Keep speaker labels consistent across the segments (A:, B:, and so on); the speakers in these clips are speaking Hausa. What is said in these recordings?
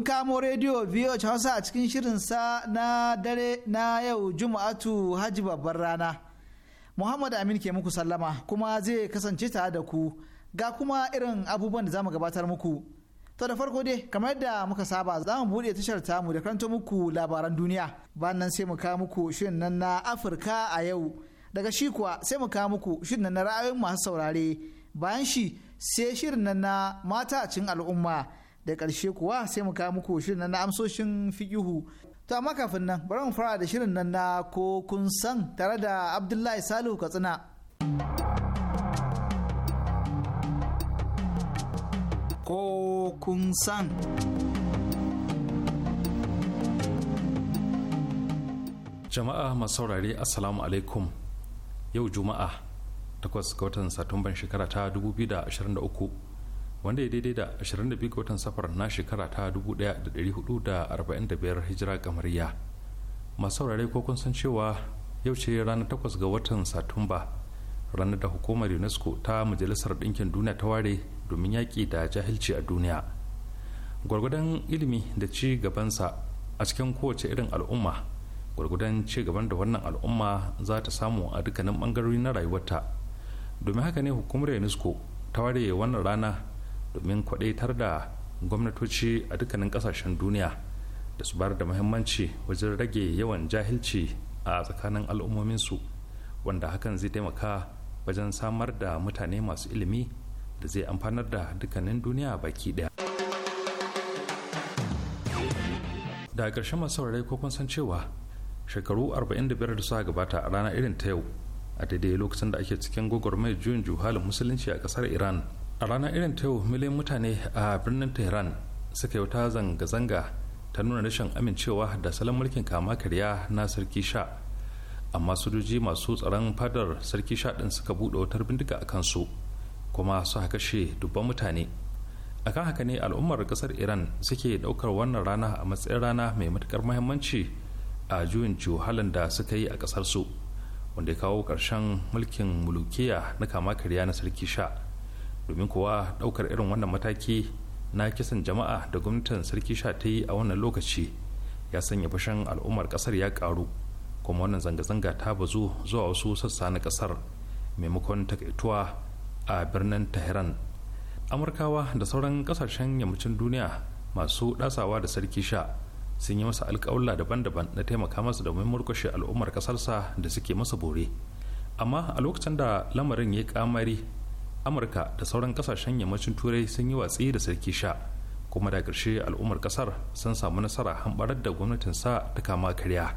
A: kun kamo rediyo biyo Hausa a cikin shirinsa na dare na yau Juma'atu Hajji babbar rana. Muhammad Amin ke muku sallama kuma zai kasance tare da ku ga kuma irin abubuwan da zamu gabatar muku. To da farko dai kamar yadda muka saba za mu buɗe tashar tamu da karanto muku labaran duniya. Bayan nan sai mu kawo muku shirin nan na Afirka a yau. Daga shi kuwa sai mu kawo muku shirin nan na ra'ayoyin masu saurare. Bayan shi sai shirin nan na mata a cikin al'umma. da ƙarshe kuwa sai mu kawo muku shirin nan na amsoshin fikihu to amma kafin nan bari mu fara da shirin nan na ko kun san tare da abdullahi salihu katsina ko kun san
B: jama'a masu saurare assalamu alaikum yau juma'a 8 ga watan satumban shekara ta wanda ya daidai da 22 ga watan safar na shekara ta 1445 hijira kamariya masu saurare ko kun san cewa yau ce ranar takwas ga watan satumba ranar da hukumar unesco ta majalisar ɗinkin duniya ta ware domin yaƙi da jahilci a duniya gwargwadon ilimi da ci gabansa a cikin kowace irin al'umma gwargwadon ci gaban da wannan al'umma za ta samu a dukkanin ɓangarori na rayuwarta domin haka ne hukumar unesco ta ware wannan rana domin kwadaitar da gwamnatoci a dukkanin kasashen duniya da su bayar da muhimmanci wajen rage yawan jahilci a tsakanin al'ummominsu wanda hakan zai taimaka wajen samar da mutane masu ilimi da zai amfanar da dukkanin duniya baki daya da ƙarshen masu saurari ko kun san cewa shekaru 45 da suka gabata a rana irin ta yau a daidai lokacin da ake cikin mai juyin juhalin musulunci a ƙasar iran a ranar irin ta yau miliyan mutane a birnin tehran suka yi wata zanga-zanga ta nuna rashin amincewa da salon mulkin kama karya na sarki sha amma sojoji masu tsaron fadar sarki sha din suka buɗe wutar bindiga a kansu kuma su kashe dubban mutane akan haka ne al'ummar kasar iran suke daukar wannan rana a matsayin rana mai matukar muhimmanci a juyin juhalin da suka yi a kasarsu su wanda ya kawo ƙarshen mulkin mulukiya na kama karya na sarki sha domin kuwa ɗaukar irin wannan mataki na kisan jama'a da gwamnatin sarki sha ta yi a wannan lokaci ya sanya fushin al'ummar ƙasar ya karu kuma wannan zanga-zanga ta bazu zuwa wasu sassa na ƙasar maimakon takaituwa a birnin tehran amurkawa da sauran ƙasashen yammacin duniya masu ɗasawa da sarki sha sun yi masa alkawla daban-daban na taimaka masa domin murkushe al'ummar ƙasarsa da suke masa bore amma a lokacin da lamarin ya kamari amurka da sauran kasashen yammacin turai sun yi watsi da sarki sha kuma da ƙarshe al'ummar kasar sun samu nasara hambarar da gwamnatin sa ta kama karya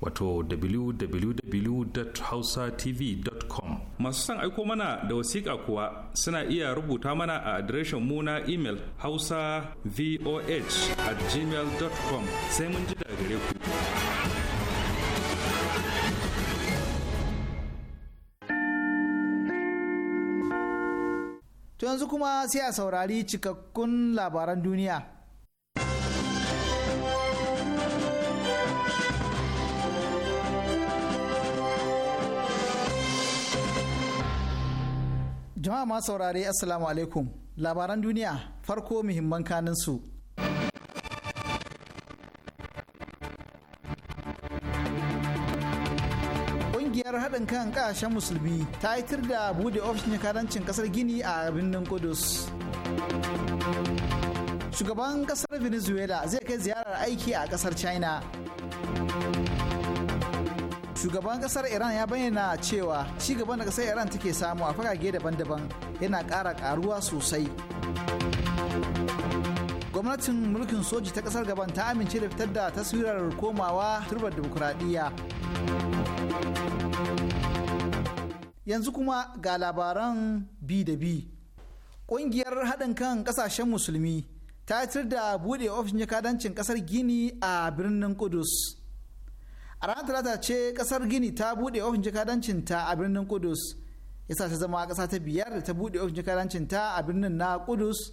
B: wato www.hausatv.com masu son aiko mana da wasiƙa kuwa suna iya rubuta mana a adireshin mu na imel hausa voh at gmail.com sai mun ji da
C: gare ku
A: to yanzu kuma sai a saurari cikakkun labaran duniya Jama'a masu saurare Assalamu alaikum. Labaran duniya farko muhimman kanin su. Ƙungiyar haɗin kan ƙasashen musulmi ta haitar da bude ofishin kadancin ƙasar Gini a birnin Kudus. Shugaban ƙasar Venezuela zai kai ziyarar aiki a ƙasar China. shugaban kasar iran ya bayyana cewa cigaban da kasar iran take samu a fagage daban-daban yana ƙara karuwa sosai gwamnatin mulkin soji ta kasar gaban ta amince da fitar da taswirar komawa turbar demokuraɗiyya yanzu kuma ga labaran bi da bi ƙungiyar haɗin kan ƙasashen musulmi ta da buɗe ofishin jakadancin ƙasar gini a birnin kudus ranar talata ce kasar gini ta buɗe ofin jakadancin ta a birnin kudus yasa ta zama kasa ta biyar da ta buɗe ofin jakadancin ta a birnin na kudus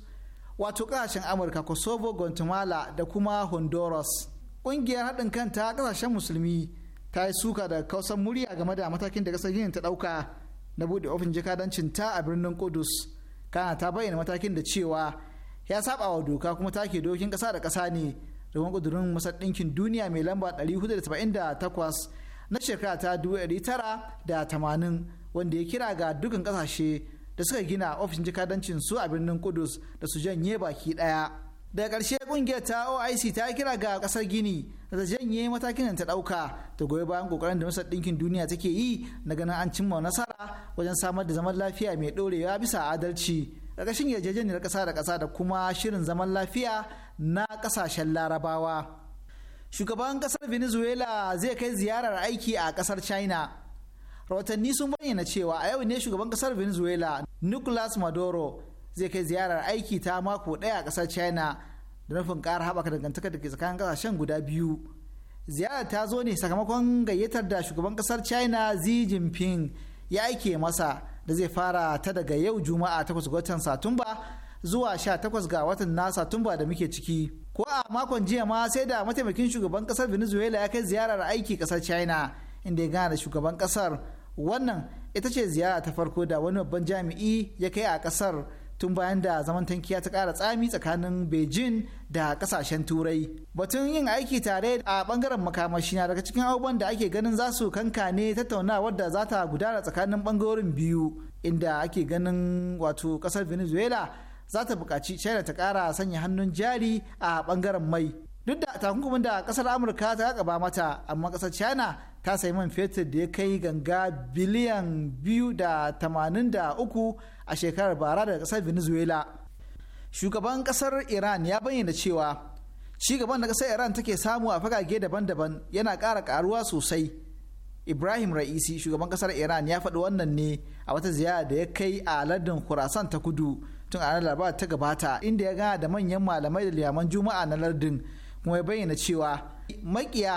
A: wato ƙasashen amurka kosovo guatemala da kuma honduras ƙungiyar haɗin kan ta kasashen musulmi ta yi suka da kausan murya game da matakin da kasar gini ta ɗauka na buɗe ofin jakadancin ta a birnin kudus kana ta bayyana matakin da cewa ya saba wa doka kuma take dokin kasa da kasa ne da kudurin masadinkin ɗinkin duniya mai lamba 478 na shekara ta 1980 wanda ya kira ga dukkan ƙasashe da suka gina ofishin jikadancin su a birnin kudus da su janye baki ɗaya daga ƙarshe ƙungiyar ta oic ta kira ga ƙasar gini da ta janye matakin ta ɗauka ta goyi bayan ƙoƙarin da masar ɗinkin duniya take yi na ganin an cimma nasara wajen samar da zaman lafiya mai ɗorewa bisa adalci ƙarƙashin yarjejeniyar ƙasa da kasa da kuma shirin zaman lafiya na kasashen larabawa shugaban kasar venezuela zai kai ziyarar aiki a kasar china rahotanni sun bayyana cewa a yau ne shugaban kasar venezuela nicolas maduro zai kai ziyarar aiki ta mako daya a kasar china da nufin ƙara haɓaka dangantaka da ke tsakanin kasashen guda biyu ziyarar ta zo ne sakamakon gayyatar da shugaban kasar china xi jinping ya aike masa da zai fara ta daga yau juma'a 8 ga watan satumba zuwa 18 ga watan na Satumba da muke ciki. Ko a makon jiya ma sai da mataimakin shugaban kasar Venezuela ya kai ziyarar aiki kasar China inda ya gana da shugaban kasar. Wannan ita ce ziyara ta farko da wani babban jami'i ya kai a kasar tun bayan da zaman tankiya ta kara tsami tsakanin Beijing da kasashen Turai. Batun yin aiki tare a bangaren makamashi na daga cikin abubuwan da ake ganin za su kankane tattaunawar da za ta gudana tsakanin bangarorin biyu inda ake ganin wato kasar Venezuela za ta buƙaci china ta ƙara sanya hannun jari a ɓangaren mai duk da takunkumin da ƙasar amurka ta gaba mata amma ƙasar china ta sayi man fetur da ya kai ganga biliyan biyu da tamanin da uku a shekarar bara daga ƙasar venezuela shugaban ƙasar iran ya bayyana cewa shugaban da ƙasar iran take samu a fagage daban-daban yana ƙara ƙaruwa sosai Ibrahim Ra'isi shugaban kasar Iran ya faɗi wannan ne a wata ziyara da ya kai a lardin kurasan ta kudu tun a laraba ta gabata inda ya gana da manyan malamai da liyaman juma'a na lardin kuma ya bayyana cewa makiya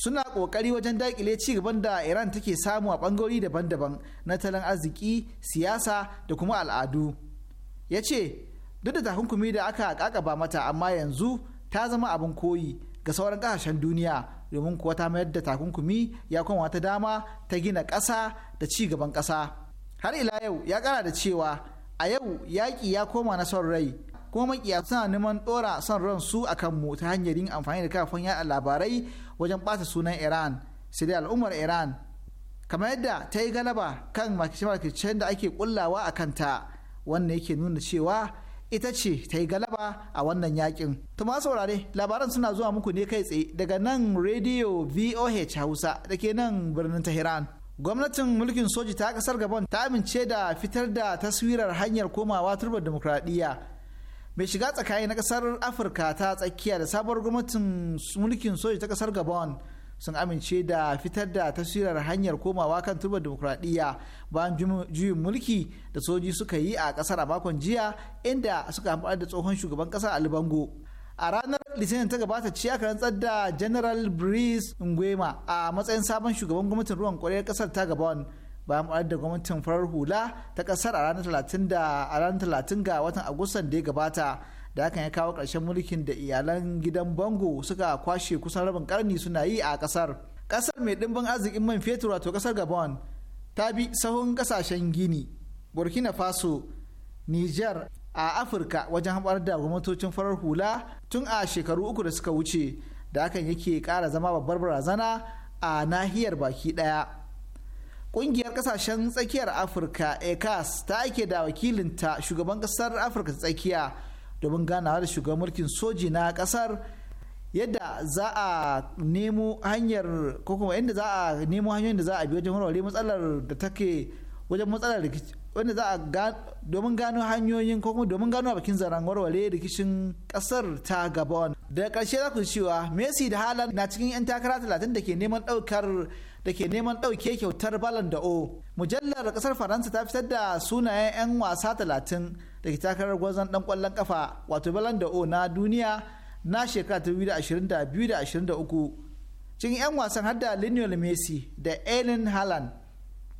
A: suna kokari wajen dakile ci gaban da iran take samu a bangarori daban-daban na talan arziki siyasa da kuma al'adu ya ce duk da takunkumi da aka kakaba mata amma yanzu ta zama abin koyi ga sauran kasashen duniya domin kuwa ta mayar da takunkumi ya kuma wata dama ta gina ƙasa da ci gaban ƙasa har ila yau ya kara da cewa a yau yaƙi ya koma na son rai kuma makiya suna neman ɗora son ran su a kanmu ta hanyar yin amfani da kafin yaɗa labarai wajen ɓata sunan iran sai al'ummar iran kamar yadda ta yi galaba kan makirce da ake kullawa a kanta wannan yake nuna cewa ita ce ta yi galaba a wannan yakin. to ma saurare labaran suna zuwa muku ne kai tsaye daga nan rediyo VOH Hausa da ke nan birnin Tehran. gwamnatin mulkin soji ta kasar gabon ta amince da fitar da taswirar hanyar komawa turbar demokradiyya mai shiga tsakani na kasar afirka ta tsakiya da sabuwar gwamnatin mulkin soji ta kasar gabon sun amince da fitar da taswirar hanyar komawa kan turbar demokradiyya bayan juyin mulki da soji suka yi a kasar a makon jiya inda suka da tsohon shugaban kasar ali bango a ranar litinin ta gabata ce aka rantsar da general breeze nguema a matsayin sabon shugaban gwamnatin ruwan kwarewar kasar ta gabon bayan mu'ar da gwamnatin farar hula ta kasar a ranar 30 ga watan agustan da ya gabata da hakan ya kawo ƙarshen mulkin da iyalan gidan bango suka kwashe kusan rabin karni suna yi a kasar kasar mai dimbin arzikin man fetur wato kasar gabon ta bi sahun kasashen gini burkina faso niger a afirka wajen haɓar da gwamnatocin farar hula tun a shekaru uku da suka wuce da hakan yake kara zama babbar barazana a nahiyar baki ɗaya ƙungiyar ƙasashen tsakiyar afirka ecas ta ake da wakilinta shugaban ƙasar afirka ta tsakiya domin ganawa da shugaban mulkin soji na ƙasar yadda za a nemo hanyar ko kuma yadda za a nemo hanyoyin da za a bi wajen warware matsalar da take wajen matsalar wanda za a domin gano hanyoyin ko kuma domin gano bakin zaren warware rikicin kasar ta gabon da karshe za ku cewa messi da halan na cikin 'yan takara 30 da ke neman daukar da ke neman dauke kyautar balan da o mujallar kasar faransa ta fitar da sunayen 'yan wasa 30 da ke takarar gwazon dan kwallon kafa wato balan da o na duniya na shekara 2022 da 23 cikin 'yan wasan har da lionel messi da ellen haaland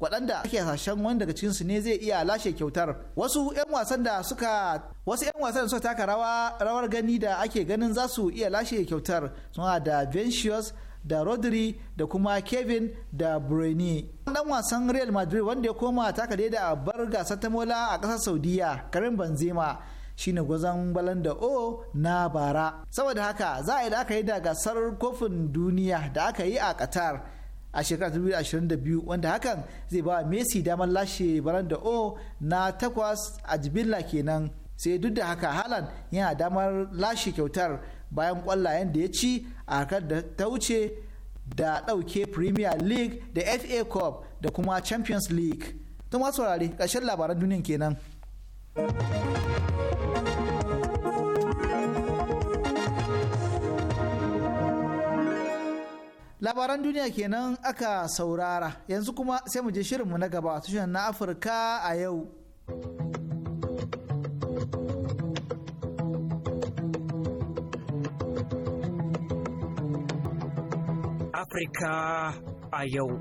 A: waɗanda ake hasashen wani daga cikinsu ne zai iya lashe kyautar wasu 'yan wasan da suka wasu 'yan wasan suka taka rawar gani da ake ganin za su iya lashe kyautar suna da Vinicius da Rodri da kuma Kevin da Bruyne. Dan wasan Real Madrid wanda ya koma taka da a bar gasar ta mola a ƙasar Saudiya Karim Benzema shine gwazon balan da o na bara saboda haka za a yi da aka yi da gasar kofin duniya da aka yi a qatar a shekarar 2022 wanda hakan zai ba messi damar lashe baran da o na takwas a jibilla kenan sai duk da haka halan yana damar lashe kyautar bayan kwallayen da ya ci a harkar da ta wuce da ɗauke premier league da fa cup da kuma champions league tun masu wurare ƙarshen labaran duniya kenan. labaran duniya kenan aka saurara yanzu kuma sai mu je shirinmu na gaba tushen na afirka a yau
D: afirka a yau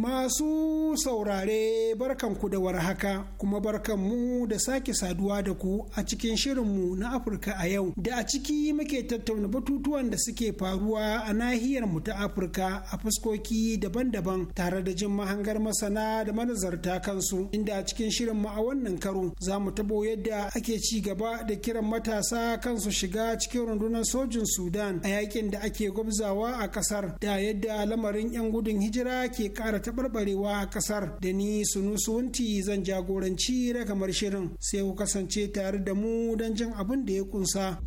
E: Masu saurare barkan ku da warhaka kuma barkanmu da sake saduwa da ku a cikin shirinmu na Afirka a yau da a ciki muke tattauna batutuwan da suke faruwa a nahiyar mu ta Afirka a fuskoki daban-daban tare da jin mahangar masana da manazarta kansu inda a cikin shirinmu a wannan karo za mu tabo yadda ake ci gaba da kiran matasa kansu shiga cikin rundunar sojin Sudan a yakin da ake gwabzawa a kasar da yadda lamarin 'yan gudun hijira ke kara taɓarɓarewa a ƙasar da ni sunusunti zan jagoranci ragamar shirin sai ku kasance tare da mu don jin abin da ya kunsa.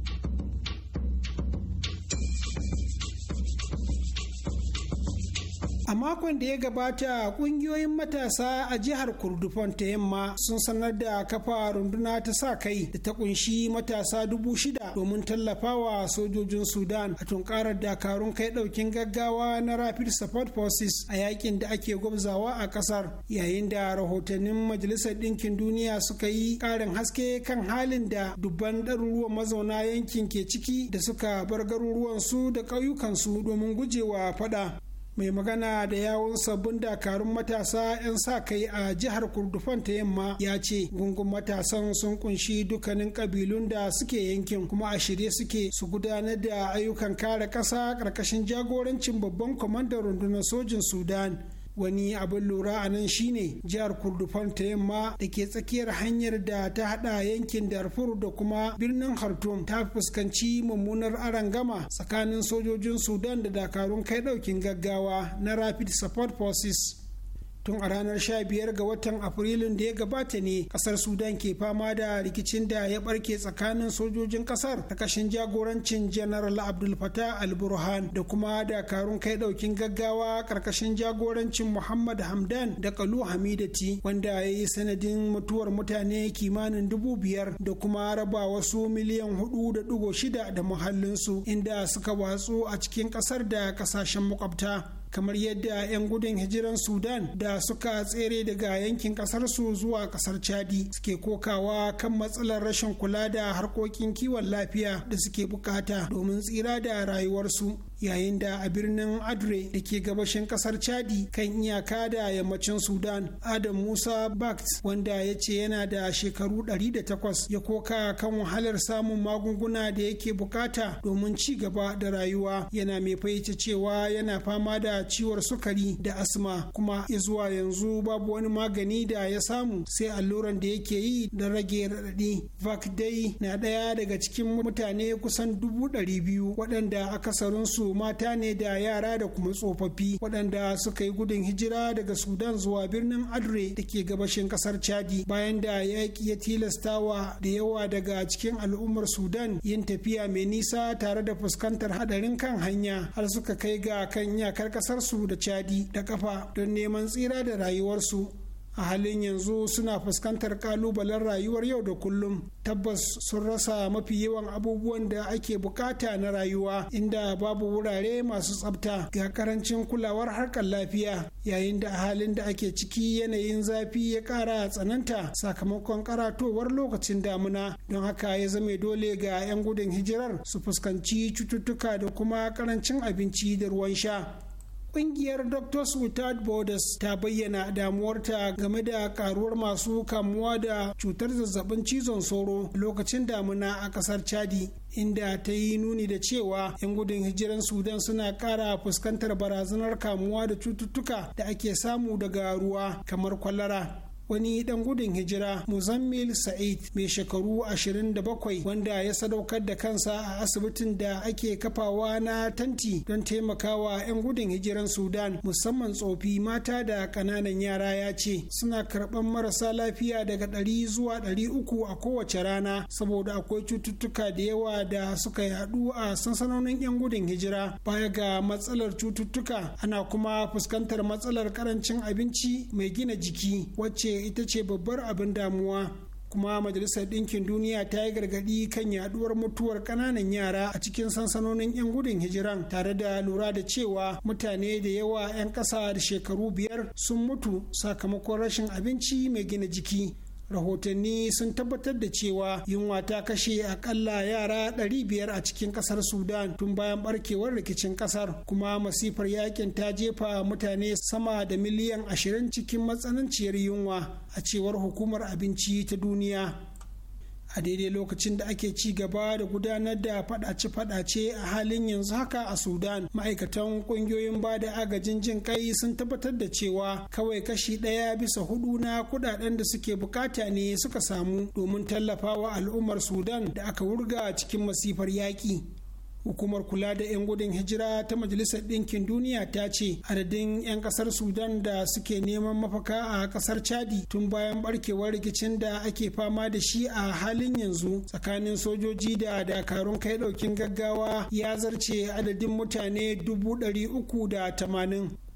E: a makon da ya gabata kungiyoyin matasa a jihar kurdufan ta yamma sun sanar da kafa runduna ta sa kai da ta kunshi matasa dubu shida domin tallafawa sojojin sudan a tunkarar dakarun kai daukin gaggawa na rapid support forces a yakin da ake gwabzawa a kasar yayin da rahotannin majalisar ɗinkin duniya suka yi ƙarin haske kan halin da dubban ɗaruruwan mazauna yankin ke ciki da suka bar garuruwansu da ƙauyukansu domin gujewa faɗa. mai magana da yawon sabbin dakarun matasa 'yan sa kai a jihar kurdufan ta yamma ya ce gungun matasan sun kunshi dukkanin kabilun da suke yankin kuma a shirye suke su gudanar da ayyukan kare ƙasa ƙarƙashin jagorancin babban kwamandan rundunar sojin sudan wani abin lura a nan shine jihar kurdufan ta yamma da ke tsakiyar hanyar da ta hada yankin darfur da kuma birnin khartoum ta fuskanci mummunar gama? tsakanin sojojin sudan da dakarun kai daukin gaggawa na rapid support forces tun a ranar 15 ga watan afrilun da ya gabata ne kasar sudan ke fama da rikicin da ya barke tsakanin sojojin kasar kashin jagorancin general abdul fata al-burhan da kuma dakarun kai daukin gaggawa karkashin jagorancin muhammad hamdan da kalu hamidati wanda ya yi sanadin mutuwar mutane kimanin dubu biyar da kuma raba wasu miliyan hudu da dugo shida da muhallinsu inda suka watsu a cikin kasar da kasashen makwabta kamar yadda 'yan gudun hijiran sudan da suka tsere daga yankin kasarsu zuwa kasar chadi suke kokawa kan matsalar rashin kula da harkokin kiwon lafiya da suke bukata domin tsira da rayuwarsu yayin da a birnin adre da ke gabashin kasar chadi kan iyaka da yammacin sudan adam musa bakt wanda ya ce yana da shekaru 108 ya koka kan wahalar samun magunguna da yake bukata domin ci gaba da rayuwa yana mai fahimta cewa yana fama da ciwon sukari da asma kuma ya zuwa yanzu babu wani magani da ya samu sai alluran da yake yi da rage raɗaɗi vac dai na ɗaya daga cikin mutane kusan dubu ɗari biyu waɗanda akasarinsu mata ne da yara da kuma tsofaffi waɗanda suka yi gudun hijira daga sudan zuwa birnin adre da ke gabashin ƙasar chadi bayan da yaƙi ya tilastawa da yawa daga cikin al'ummar sudan yin tafiya mai nisa tare da fuskantar haɗarin kan hanya har suka kai ga kan iyakar ƙasarsu da chadi da kafa don neman tsira da rayuwarsu a halin yanzu suna fuskantar kalubalen rayuwar yau da kullum tabbas sun rasa mafi yawan abubuwan da ake bukata na rayuwa inda babu wurare masu tsabta ga karancin kulawar harkar lafiya yayin da halin da ake ciki yanayin zafi ya kara tsananta sakamakon karatowar lokacin damuna don haka ya zame dole ga 'yan gudun hijirar su fuskanci cututtuka da kuma karancin abinci da ruwan sha Ƙungiyar Doctors Without Borders ta bayyana damuwarta game da karuwar masu kamuwa da cutar zazzabin cizon sauro lokacin damuna a ƙasar Chadi. inda ta yi nuni da cewa 'yan gudun hijiran sudan suna kara fuskantar barazanar kamuwa da cututtuka da ake samu daga ruwa kamar kwalara wani dan gudun hijira muzammil sa'id mai shekaru 27 wanda ya sadaukar da kansa a asibitin da ake kafawa na tanti don taimakawa 'yan gudun hijiran sudan musamman tsofi mata da kananan yara ya ce suna karɓar marasa lafiya daga 100 zuwa 300 a kowace rana saboda akwai cututtuka da yawa da suka yadu a sansanonin 'yan gudun hijira baya ga matsalar cututtuka ana kuma fuskantar matsalar karancin abinci mai gina jiki wacce ita ce babbar abin damuwa kuma majalisar ɗinkin duniya ta yi gargaɗi kan yaduwar mutuwar ƙananan yara a cikin sansanonin 'yan gudun hijiran tare da lura da cewa mutane da yawa 'yan ƙasa da shekaru biyar sun mutu sakamakon rashin abinci mai gina jiki rahotanni sun tabbatar da cewa yunwa ta kashe akalla yara 500 a cikin kasar sudan tun bayan barkewar rikicin kasar kuma masifar yakin ta jefa mutane sama da miliyan 20 cikin matsananciyar yunwa a cewar hukumar abinci ta duniya a daidai lokacin da ake ci gaba da gudanar da fadace-fadace a halin yanzu haka a sudan ma'aikatan kungiyoyin ba da agajin jin kai sun tabbatar da cewa kawai kashi ɗaya bisa hudu na kudaden da suke bukata ne suka samu domin tallafawa al'ummar sudan da aka wurga cikin masifar yaƙi hukumar kula da 'yan gudun hijira ta majalisar ɗinkin duniya ta ce adadin 'yan ƙasar sudan da suke neman mafaka a ƙasar chadi tun bayan barkewar rikicin da ake fama da shi a halin yanzu tsakanin sojoji da dakarun kai ɗaukin gaggawa ya zarce adadin mutane dubu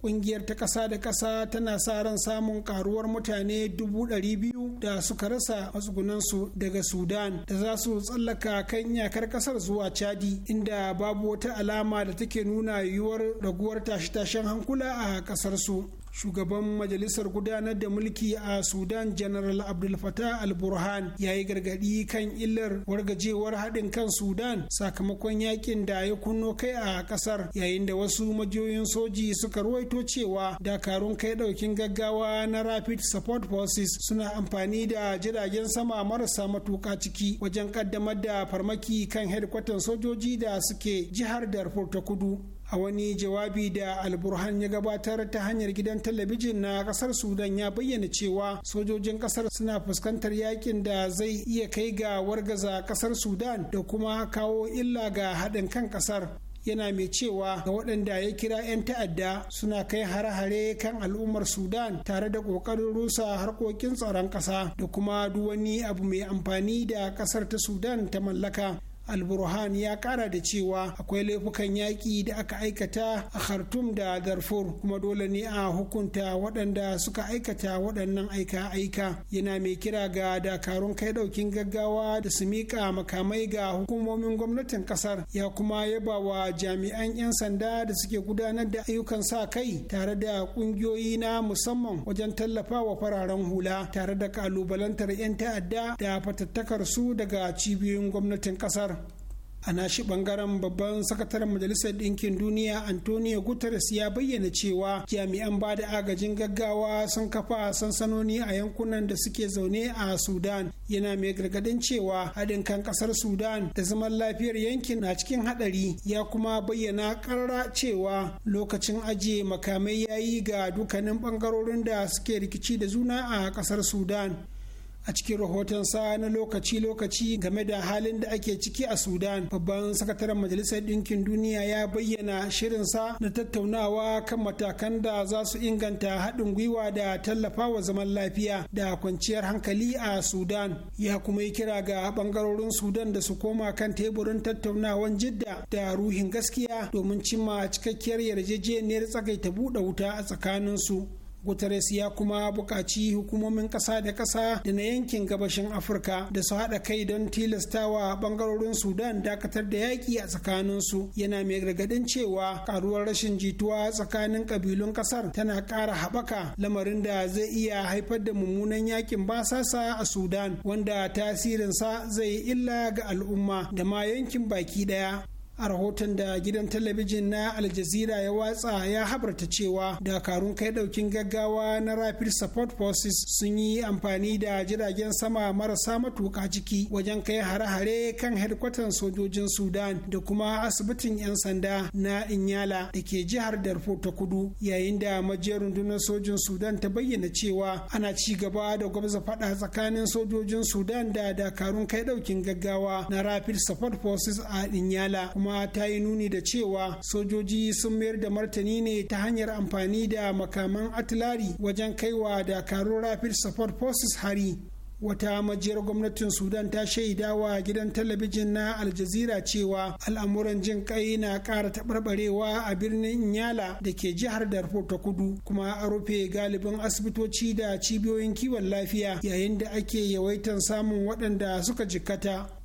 E: kungiyar ta kasa da kasa tana sa ran samun karuwar mutane dubu ɗari biyu da suka rasa matsugunansu daga sudan da za su tsallaka kan iyakar kasar zuwa chadi inda babu wata alama da take nuna yiwuwar raguwar tashe-tashen hankula a ƙasarsu shugaban majalisar gudanar da mulki a sudan general abdul fatah al-burhan ya yi gargadi kan illar wargajewar haɗin kan sudan sakamakon yakin da ya kunno kai a ƙasar yayin da wasu majiyoyin soji suka ruwaito cewa dakarun kai ɗaukin gaggawa na rapid support forces suna amfani da jiragen sama marasa matuƙa ciki wajen ƙaddamar da farmaki kan hedkwatan sojoji da suke jihar darfur ta kudu a wani jawabi da alburhan ya gabatar ta hanyar gidan talabijin na kasar sudan ya bayyana cewa sojojin kasar suna fuskantar yakin da zai iya kai ga wargaza kasar sudan da kuma kawo illa ga haɗin kan kasar yana mai cewa ga waɗanda ya kira 'yan ta'adda suna kai hare-hare kan al'ummar sudan tare da ƙoƙarin rusa harkokin tsaron ƙasa da kuma wani abu mai amfani da ƙasar ta sudan ta mallaka alburhan ya kara da cewa akwai laifukan yaƙi da aka aikata a khartum da darfur kuma dole ne a hukunta waɗanda suka aikata waɗannan aika-aika yana mai kira ga dakarun kai ɗaukin gaggawa da su miƙa makamai ga hukumomin gwamnatin ƙasar ya kuma yaba wa jami'an 'yan sanda da suke gudanar da ayyukan sa kai tare da ƙungiyoyi na musamman wajen tallafa wa fararen hula tare da ƙalubalantar 'yan ta'adda da fatattakar su daga cibiyoyin gwamnatin ƙasar a nashi bangaren babban sakataren majalisar ɗinkin duniya antonio guterres ya bayyana cewa jami'an ba da agajin gaggawa sun kafa sansanoni a yankunan da suke zaune a sudan yana mai gargadin cewa haɗin kan ƙasar sudan da zaman lafiyar yankin na cikin haɗari ya kuma bayyana ƙarra cewa lokacin ajiye makamai ya yi ga dukkanin ɓangarorin da suke rikici da juna a ƙasar sudan a cikin rahoton sa na lokaci-lokaci game da halin da ake ciki a sudan babban sakataren majalisar ɗinkin duniya ya bayyana shirin sa na tattaunawa kan matakan da za su inganta haɗin gwiwa da tallafa wa zaman lafiya da kwanciyar hankali a sudan ya kuma yi kira ga ɓangarorin sudan da su koma kan teburin tattaunawan jidda da ruhin gaskiya domin cimma cikakkiyar yarjejeniyar tsagaita buɗe wuta a tsakaninsu guterres ya kuma buƙaci hukumomin ƙasa da ƙasa da na yankin gabashin afirka da su haɗa kai don tilastawa ɓangarorin sudan dakatar da yaƙi a tsakaninsu yana mai gargaɗin cewa ƙaruwar rashin jituwa tsakanin ƙabilun ƙasar tana ƙara haɓaka lamarin da zai iya haifar da mummunan yakin basasa a sudan wanda tasirinsa zai illa ga al'umma da ma yankin baki ɗaya a rahoton da gidan talabijin na aljazira ya watsa ya habarta cewa dakarun kai daukin gaggawa na rapid support forces sun yi amfani da jiragen sama marasa matuka ciki wajen kai hare-hare kan hedkwatan sojojin sudan da kuma asibitin 'yan sanda na inyala da ke jihar darfur ta kudu yayin da majiyar rundunar sojin sudan ta bayyana cewa ana ci gaba da gwamza fada tsakanin sojojin sudan da dakarun kai daukin gaggawa na rapid support forces a inyala kuma kuma ta yi nuni da cewa sojoji sun mayar da martani ne ta hanyar amfani da makaman atilari wajen kaiwa dakarun rapid support forces hari wata majiyar gwamnatin sudan ta shaida wa gidan talabijin na aljazira cewa al'amuran jin kai na ƙara taɓarɓarewa a birnin inyala da ke jihar darfur ta kudu kuma a rufe galibin asibitoci da cibiyoyin kiwon lafiya yayin da ake yawaitan samun waɗanda suka jikkata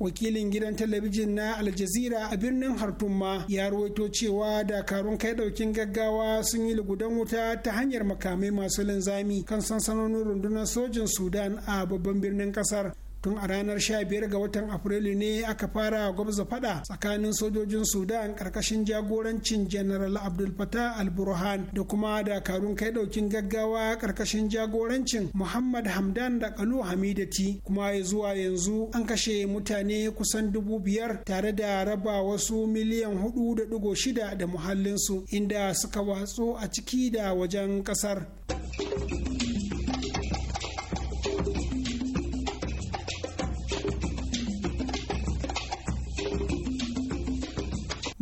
E: wakilin gidan talabijin na aljazira a birnin hartumma ya ruwaito cewa dakarun kai daukin gaggawa sun yi lugudan wuta ta hanyar makamai masu linzami kan sansanonin rundunar sojin sudan a babban birnin kasar tun a ranar 15 ga watan afrilu ne aka fara gwamza fada tsakanin sojojin sudan karkashin jagorancin general abdul fatah al-burhan da kuma dakarun kai daukin gaggawa karkashin jagorancin muhammad hamdan da kalu hamidati kuma ya zuwa yanzu an kashe mutane kusan dubu biyar tare da raba wasu miliyan hudu da dugo shida da muhallinsu inda suka watsu a ciki da wajen kasar.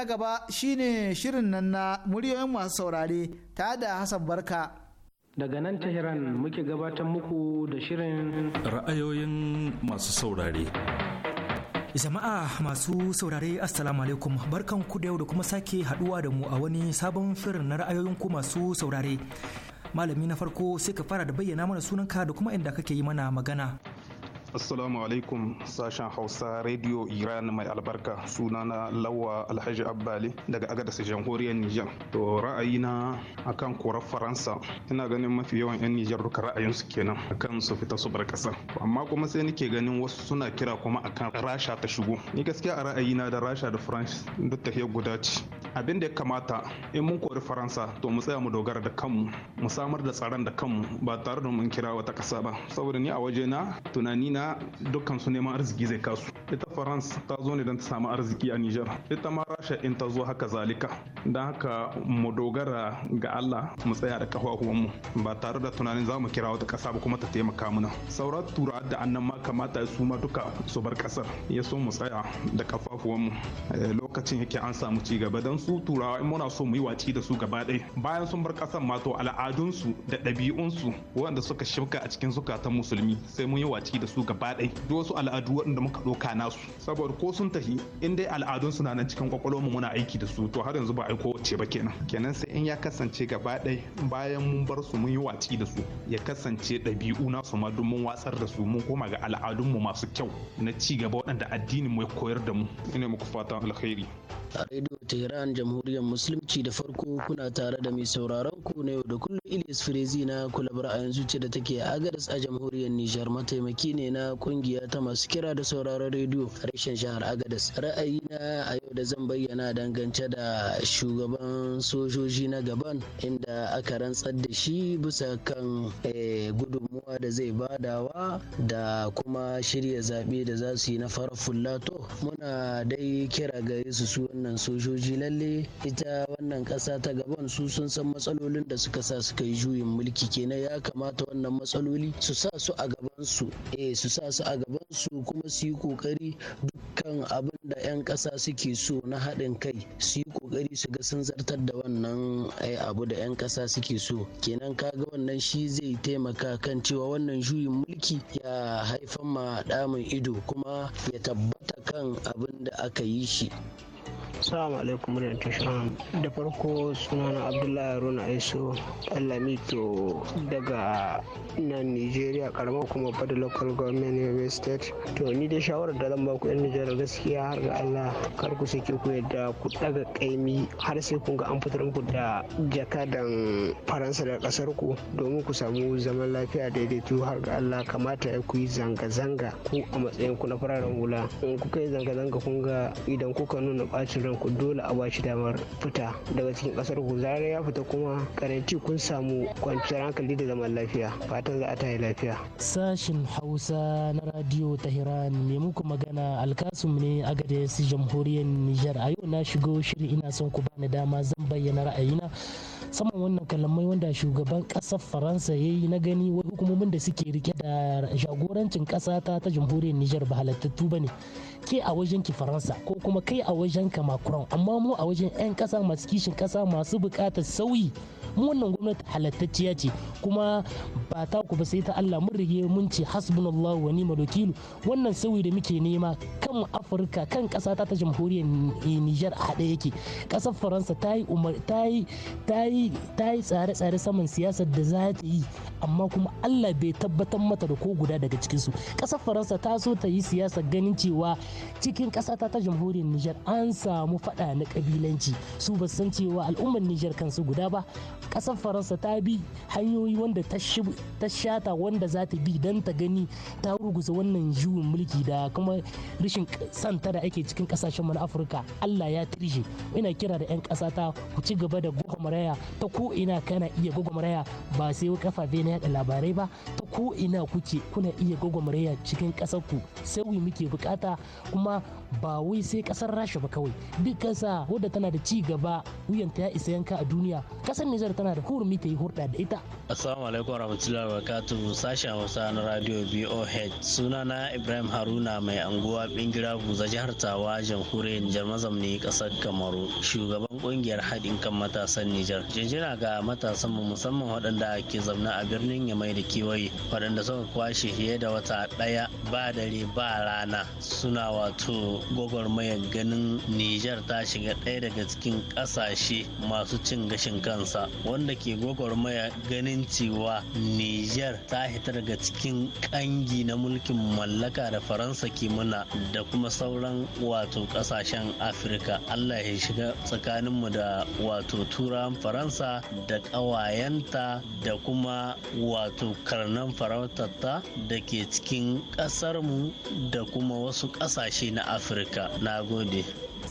A: na gaba shine shirin nan na muryoyin masu saurare ta da hasan Barka. Daga nan ta Tehran muke gabatar muku da shirin
B: ra'ayoyin masu saurare. Jama'a
F: masu saurare Assalamu alaikum barkan ku da yau da kuma sake haduwa da mu a wani sabon firin na ra'ayoyin ku masu saurare. Malami na farko sai ka fara da bayyana mana sunanka da kuma inda kake yi mana magana.
G: Assalamu alaikum sashen Hausa Radio Iran mai albarka suna na Lawa Alhaji Abbali daga Agadas Jamhuriyar Nijar. To ra'ayina akan korar Faransa ina ganin mafi yawan 'yan Nijar duka ra'ayinsu kenan akan su fita su bar kasa. Amma kuma sai nake ganin wasu suna kira kuma akan Rasha ta shigo. Ni gaskiya a ra'ayi na da Rasha da France duk tafiya guda ce. Abin da ya kamata in mun kori Faransa to mu tsaya mu dogara da kanmu mu samar da tsaron da kanmu ba tare da mun kira wata kasa ba saboda ni a waje tunani na. ina dukkan su neman arziki zai kasu ita france ta zo ne don ta samu arziki a niger ita ma rasha in ta zo haka zalika don haka mu dogara ga allah mu tsaya da kafafuwanmu ba tare da tunanin za mu kira wata ƙasa ba kuma ta taimaka mana sauran tura da annan ma kamata su ma duka su bar ƙasar ya so mu tsaya da kafafuwanmu eh, lokacin yake an samu ci gaba don su turawa in muna so mu yi waci da su gaba ɗaya bayan sun bar ƙasar ma to al'adunsu da ɗabi'unsu wanda suka shimka a cikin zukatan musulmi sai mun yi waci da su gaba ɗai duk wasu al'adu waɗanda muka ɗauka nasu saboda ko sun tafi in dai al'adun suna nan cikin kwakwalwar mu muna aiki da su to har yanzu ba aiko wacce ba kenan kenan sai in ya kasance gaba ɗai bayan mun bar su mun yi watsi da su ya kasance ɗabi'u nasu ma duk mun watsar da su mun koma ga al'adun mu masu kyau na ci gaba waɗanda addinin mu ya koyar da mu ina muku fatan alkhairi
D: a Radio Tehran Jamhuriyar Musulunci da farko kuna tare da mai sauraron ku na yau da kullum Ilyas Firezi na kulabar a yanzu ce da take a Agadas a Jamhuriyar Nijar mataimaki ne na kungiya ta masu kira da sauraron rediyo reshen jihar Agadas. Ra'ayi na a yau da zan bayyana dangance da shugaban sojoji na gaban inda aka rantsar da shi bisa kan eh, gudunmuwa da zai badawa da kuma shirya zaɓe da za su yi na farar to? muna dai kira gare su su waɗannan sojoji lalle ita wannan ƙasa ta gaban su sun san matsalolin da suka sa suka yi juyin mulki kenan ya kamata wannan matsaloli su sa su a gaban su eh su sa su a gaban su kuma su yi kokari dukkan abin da 'yan ƙasa suke so na haɗin kai su yi kokari su ga sun zartar da wannan ai eh, abu da 'yan ƙasa suke so kenan kaga wannan shi zai taimaka kan cewa wannan juyin mulki ya haifar ma damun ido kuma ya tabbata kan abin da aka yi shi Assalamu alaikum muryar tashan da farko sunana
H: Abdullahi Haruna Aiso Alamito daga nan Nigeria karamar kuma fada local government Yobe state. To ni dai shawarar da zan baku 'yan nigeria gaskiya har ga Allah kar ku sake ku yadda ku daga kaimi har sai kun ga an fitar ku da jakadan Faransa da kasar ku domin ku samu zaman lafiya daidaito har ga Allah kamata ya ku yi zanga-zanga ku a matsayin ku na fararen hula. In ku kai zanga-zanga kun ga idan kuka nuna ɓacin ranku dole a bashi damar fita daga cikin kasar ku zarar ya fita kuma karanci kun samu kwanciyar hankali da zaman lafiya fatan za a tayi lafiya.
F: Sashin Hausa na Radio Tahiran mai muku magana alkasum ne a gada yasi jamhuriyar Nijar a yau na shigo shiri ina son ku bani dama zan bayyana ra'ayina saman wannan kalamai wanda shugaban kasar faransa ya yi na gani wai hukumomin da suke rike da jagorancin kasa ta ta jamhuriyar nijar ba halattattu ba ne ke a wajen ki faransa ko kuma kai a wajen ka macron amma mu a wajen 'yan kasa masu kishin kasa masu bukatar sauyi mu wannan gwamnati halattacciya ce kuma ba ta ku ba sai ta Allah mun rige mun ce hasbunallahu wa ni'mal wakil wannan sauyi da muke nema kan Afirka kan kasa ta jamhuriyar Niger a hade yake kasar Faransa ta yi umar ta yi ta yi ta yi tsare-tsare saman siyasar da za ta yi amma kuma Allah bai tabbatar mata da ko guda daga cikin su kasar Faransa ta so ta yi siyasar ganin cewa cikin ƙasata ta jamhuriyar Nijar an samu faɗa na ƙabilanci su ba san cewa al'ummar Nijar kansu guda ba ƙasar Faransa ta bi hanyoyi wanda ta shata wanda za ta bi don ta gani ta ruguza wannan juyin mulki da kuma rashin santa da ake cikin ƙasashen mu na Afirka Allah ya tirje ina kira da 'yan ƙasata ku ci gaba da gwagwarmaya ta ko ina kana iya gwagwarmaya ba sai kafafe na yada labarai ba ta ko ina kuke kuna iya gwagwarmaya cikin ƙasar ku sai muke bukata kuma ba wai sai kasar rasha ba kawai duk kasa wadda tana da ci gaba wuyanta ya isa yanka a duniya kasar nijar tana da hurumi ta yi hurɗa da ita
I: assalamu alaikum warahmatullahi wabarakatuh sashen hausa na radio boh sunana ibrahim haruna mai anguwa bingira buza jihar tawa jamhuriyar nijar mazamni kasar kamaru shugaban kungiyar haɗin kan matasan nijar jinjina ga matasan mu musamman waɗanda ke zamna a birnin yamai da kewaye waɗanda suka kwashe fiye da wata ɗaya ba dare ba rana suna wato gwagwarmayar ganin Nijar ta shiga ɗaya daga cikin ƙasashe masu cin gashin kansa wanda ke gwagwarmaya ganin cewa Nijar ta hita daga cikin ƙangi na mulkin mallaka da Faransa ke muna da kuma sauran wato ƙasashen Afirka. Allah ya shiga tsakaninmu da wato turan Faransa da ƙawayenta da kuma wato karnan farautarta da ke cikin ƙasarmu da kuma wasu ƙasa kasashe na afirka na gode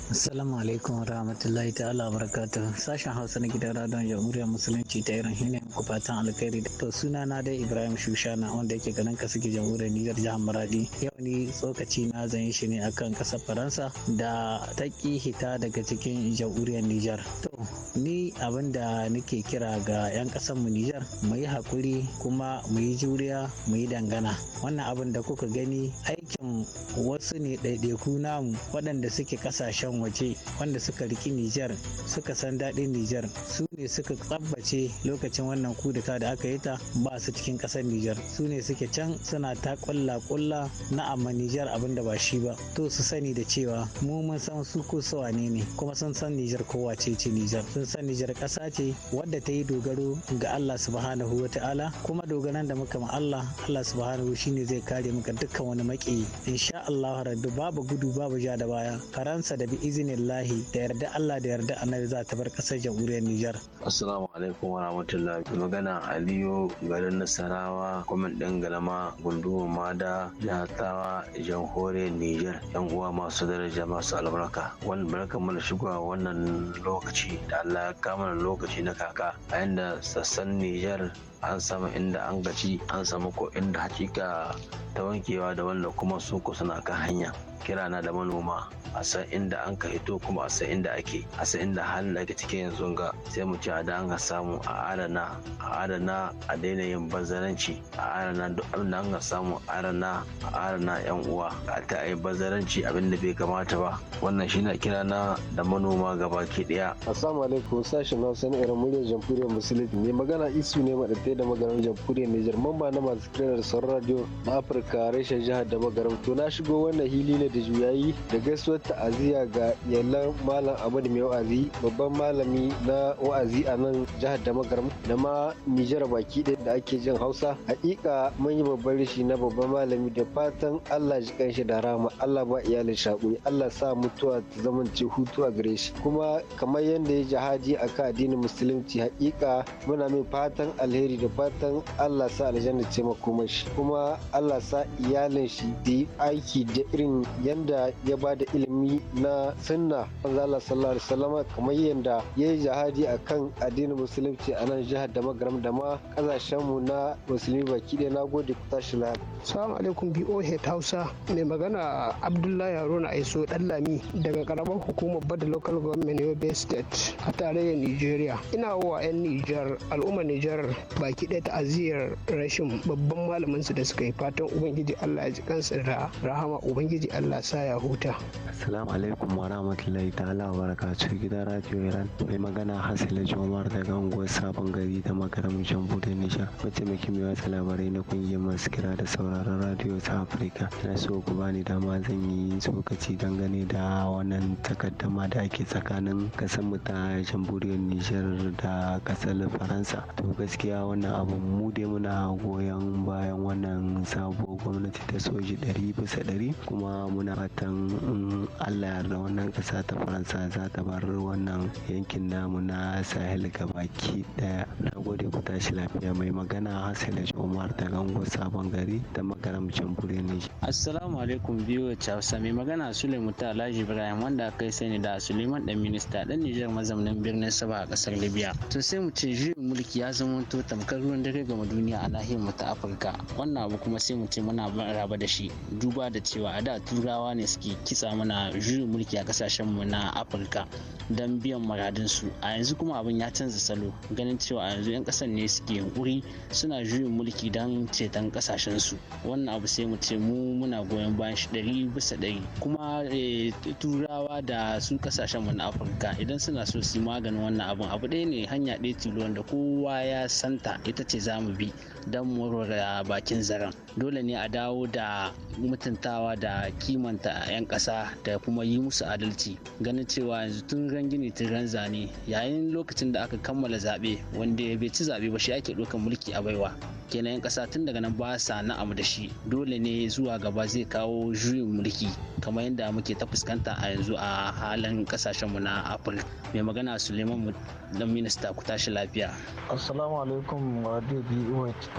J: Assalamu alaikum wa rahmatullahi ta'ala wa barakatuh. Sashen Hausa na gidan radon jamhuriyar Musulunci ta irin hinin muku fatan alkhairi. To suna na dai Ibrahim Shushana wanda yake ganin ka suke jamhuriyar Nijar jihar Maradi. Yau ni tsokaci na zan yi shi ne akan kasar Faransa da ta hita daga cikin jamhuriyar Nijar. To ni abin da nake kira ga 'yan ƙasar mu Nijar mu yi hakuri kuma mu yi juriya mu yi dangana. Wannan abin da kuka gani aikin wasu ne ɗaiɗaiku namu waɗanda suke ƙasashe kasashen waje wanda suka riki Nijar suka san daɗin Nijar su ne suka tsabbace lokacin wannan kudeta da aka yi ta ba su cikin ƙasar Nijar su ne suke can suna ta ƙulla ƙulla na amma Nijar abin da ba shi ba to su sani da cewa mu mun san su ko su wane ne kuma sun san Nijar kowa ce ce Nijar sun san Nijar ƙasa ce wadda ta yi dogaro ga Allah subhanahu wa ta'ala kuma dogaran da muka ma Allah Allah subhanahu shine zai kare muka dukkan wani maki insha Allah babu gudu babu ja da baya Faransa da bi lahi da yarda Allah da yarda annabi za ta bar kasar jamhuriyar Nijar.
D: Assalamu alaikum wa rahmatullahi magana Aliyu garin Nasarawa kwamin din galama gunduma mada jihar Tawa jamhuriyar Nijar yan uwa masu daraja masu albarka wani barkan mu da shigowa wannan lokaci da Allah ya kama lokaci na kaka a yanda sassan Nijar an samu inda an gaci an samu ko inda hakika ta wankewa da wanda kuma su ko suna kan hanya kira na da manoma a san inda an ka hito kuma a san inda ake a san inda halin da ake cike yanzu ga sai mu ci da an ka samu a adana a adana a daina yin bazaranci a adana duk abin da an ka samu a adana a adana yan uwa a ta yi bazaranci abin da bai kamata ba wannan shi na kira na da manoma gaba ki daya
K: assalamu alaikum sashen hausa na irin muryar jamhuriyar musulunci ne magana isu ne madatta sai da magaram jamhuriyar Nijar mamba na masu kira da sauran radio na Afirka reshen jihar da magaram to na shigo wannan hili ne da juyayi da gaisuwar ta'aziyya ga yallan malam Ahmad mai wa'azi babban malami na wa'azi a nan jihar da magaram da ma Nijar baki ɗaya da ake jin Hausa hakika mun yi babban rishi na babban malami da fatan Allah ji kanshi da rahama Allah ba iyalin shaƙuri Allah sa mutuwa ta zaman ce hutu a gare shi kuma kamar yadda ya jihadi a kan addinin musulunci hakika muna mai fatan alheri da fatan Allah sa aljanna ce shi kuma Allah sa iyalin shi da aiki da irin yanda ya ba da ilimi na sunna manzo Allah sallallahu alaihi wasallam kamar yanda ya yi jihadi akan addinin musulunci a nan jihar da magaram da ma kasashen mu na musulmi baki da na gode ku tashi lafiya.
H: Assalamu alaikum BOH Hausa mai magana Abdullahi Haruna Aiso Dallami daga karamar hukumar Bada Local Government Yobe State a tarayyar Nigeria. Ina wa 'yan Nijar al'ummar Nijar ba baki ɗaya ta'aziyar rashin babban malamin su da suka yi fatan ubangiji Allah ya ji kansa da rahama ubangiji Allah sa ya huta
K: assalamu alaikum wa rahmatullahi ta'ala wa barakatuh gidan radio Iran mai magana Hasila Jomar daga unguwar Sabon Gari ta makaramin bude Nisha mataimakin mai watsa labarai na kungiyar masu kira da sauraron radio ta Afirka na so ku bani dama zan yi tsokaci dangane da wannan takaddama da ake tsakanin kasan mu ta Nijar da kasar Faransa to gaskiya wannan abun mu dai muna goyon bayan wannan sabuwar gwamnati ta soji ɗari bisa ɗari kuma muna fatan in allah yarda wannan ƙasa ta faransa za ta bar wannan yankin namu na sahel gabaki ɗaya na gode ku tashi lafiya mai magana hassan da umar ta gango sabon gari ta makaramcin birni
L: assalamu alaikum biyu hausa mai magana sule muta alhaji ibrahim wanda aka yi sani da suleiman dan minista dan nijar mazaunin birnin saba a kasar libya to sai mu ce juyin mulki ya zama to tamkar ruwan dare ga duniya a nahiyar mu ta afirka wannan abu kuma sai mu ce muna raba da shi duba da cewa a da turawa ne suke kitsa mana juyin mulki a kasashen mu na afirka don biyan maradin su a yanzu kuma abin ya canza salo ganin cewa a yanzu 'yan kasan ne suke yunkuri suna juyin mulki don ceton su wannan abu sai mu ce mu muna goyon bayan shi dari bisa dari kuma eh, turawa da su kasashen mu na afirka idan suna so su maganin wannan abun abu ɗaya ne hanya ɗaya tilo wanda kowa ya santa ita ce za mu bi don da bakin zaren dole ne a dawo da mutuntawa da kimanta 'yan ƙasa da kuma yi musu adalci ganin cewa yanzu tun ran gini tun ran zane yayin lokacin da aka kammala zaɓe wanda bai ci zaɓe ba shi ake ɗaukar mulki a baiwa kenan 'yan ƙasa tun daga nan ba sa na'am da shi dole ne zuwa gaba zai kawo juyin mulki kamar yadda muke ta fuskanta a yanzu a halin ƙasashenmu na afirka mai magana suleiman dan minista ku tashi lafiya
K: assalamu alaikum radio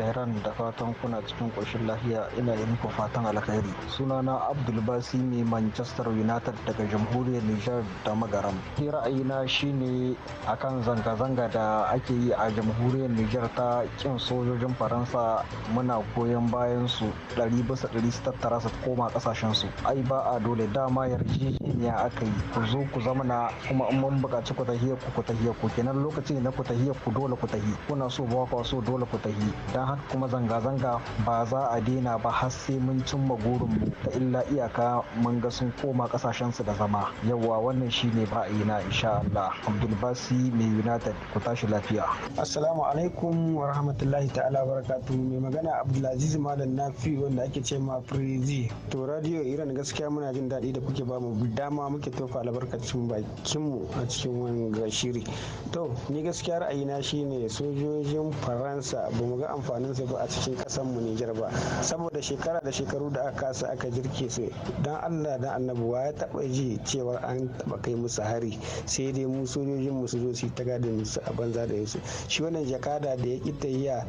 K: tehran da fatan kuna cikin ƙoshin lafiya ina yi muku fatan alkhairi sunana abdul basi ne manchester united daga jamhuriyar nijar da magaram ki ra'ayina shine akan zanga-zanga da ake yi a jamhuriyar nijar ta kin sojojin faransa muna goyon bayan su ɗari bisa ɗari su tattara su koma ƙasashen su ai ba a dole dama yarjejeniya aka yi ku zo ku zamana kuma in mun buƙaci ku tahiyar ku ku tahiyar ku kenan lokaci na ku tahiyar ku dole ku tahi kuna so ba ku so dole ku tahi idan haka kuma zanga-zanga ba za a daina ba har sai mun cimma mu ta illa iyaka mun ga sun koma kasashen su da zama yawwa wannan shine ba a yi na insha Allah basi mai United ku tashi lafiya Assalamu alaikum wa rahmatullahi ta'ala barakatu mai magana Abdulaziz Malam Nafi wanda ake ce ma Prezi to radio Iran gaskiya muna jin daɗi da kuke ba mu dama muke tofa albarkacin bakin mu a cikin wani gashiri to ni gaskiya ra'ayina shine sojojin Faransa ba mu ga amfani amfanin su ba a cikin kasan mu Nijar ba saboda shekara da shekaru da aka kasa aka jirke su dan Allah dan Annabi ya taba ji cewa an taba kai musu hari sai dai mu sojojin mu su zo su ta gadin su a banza da yasu shi wannan jakada da ya kitayya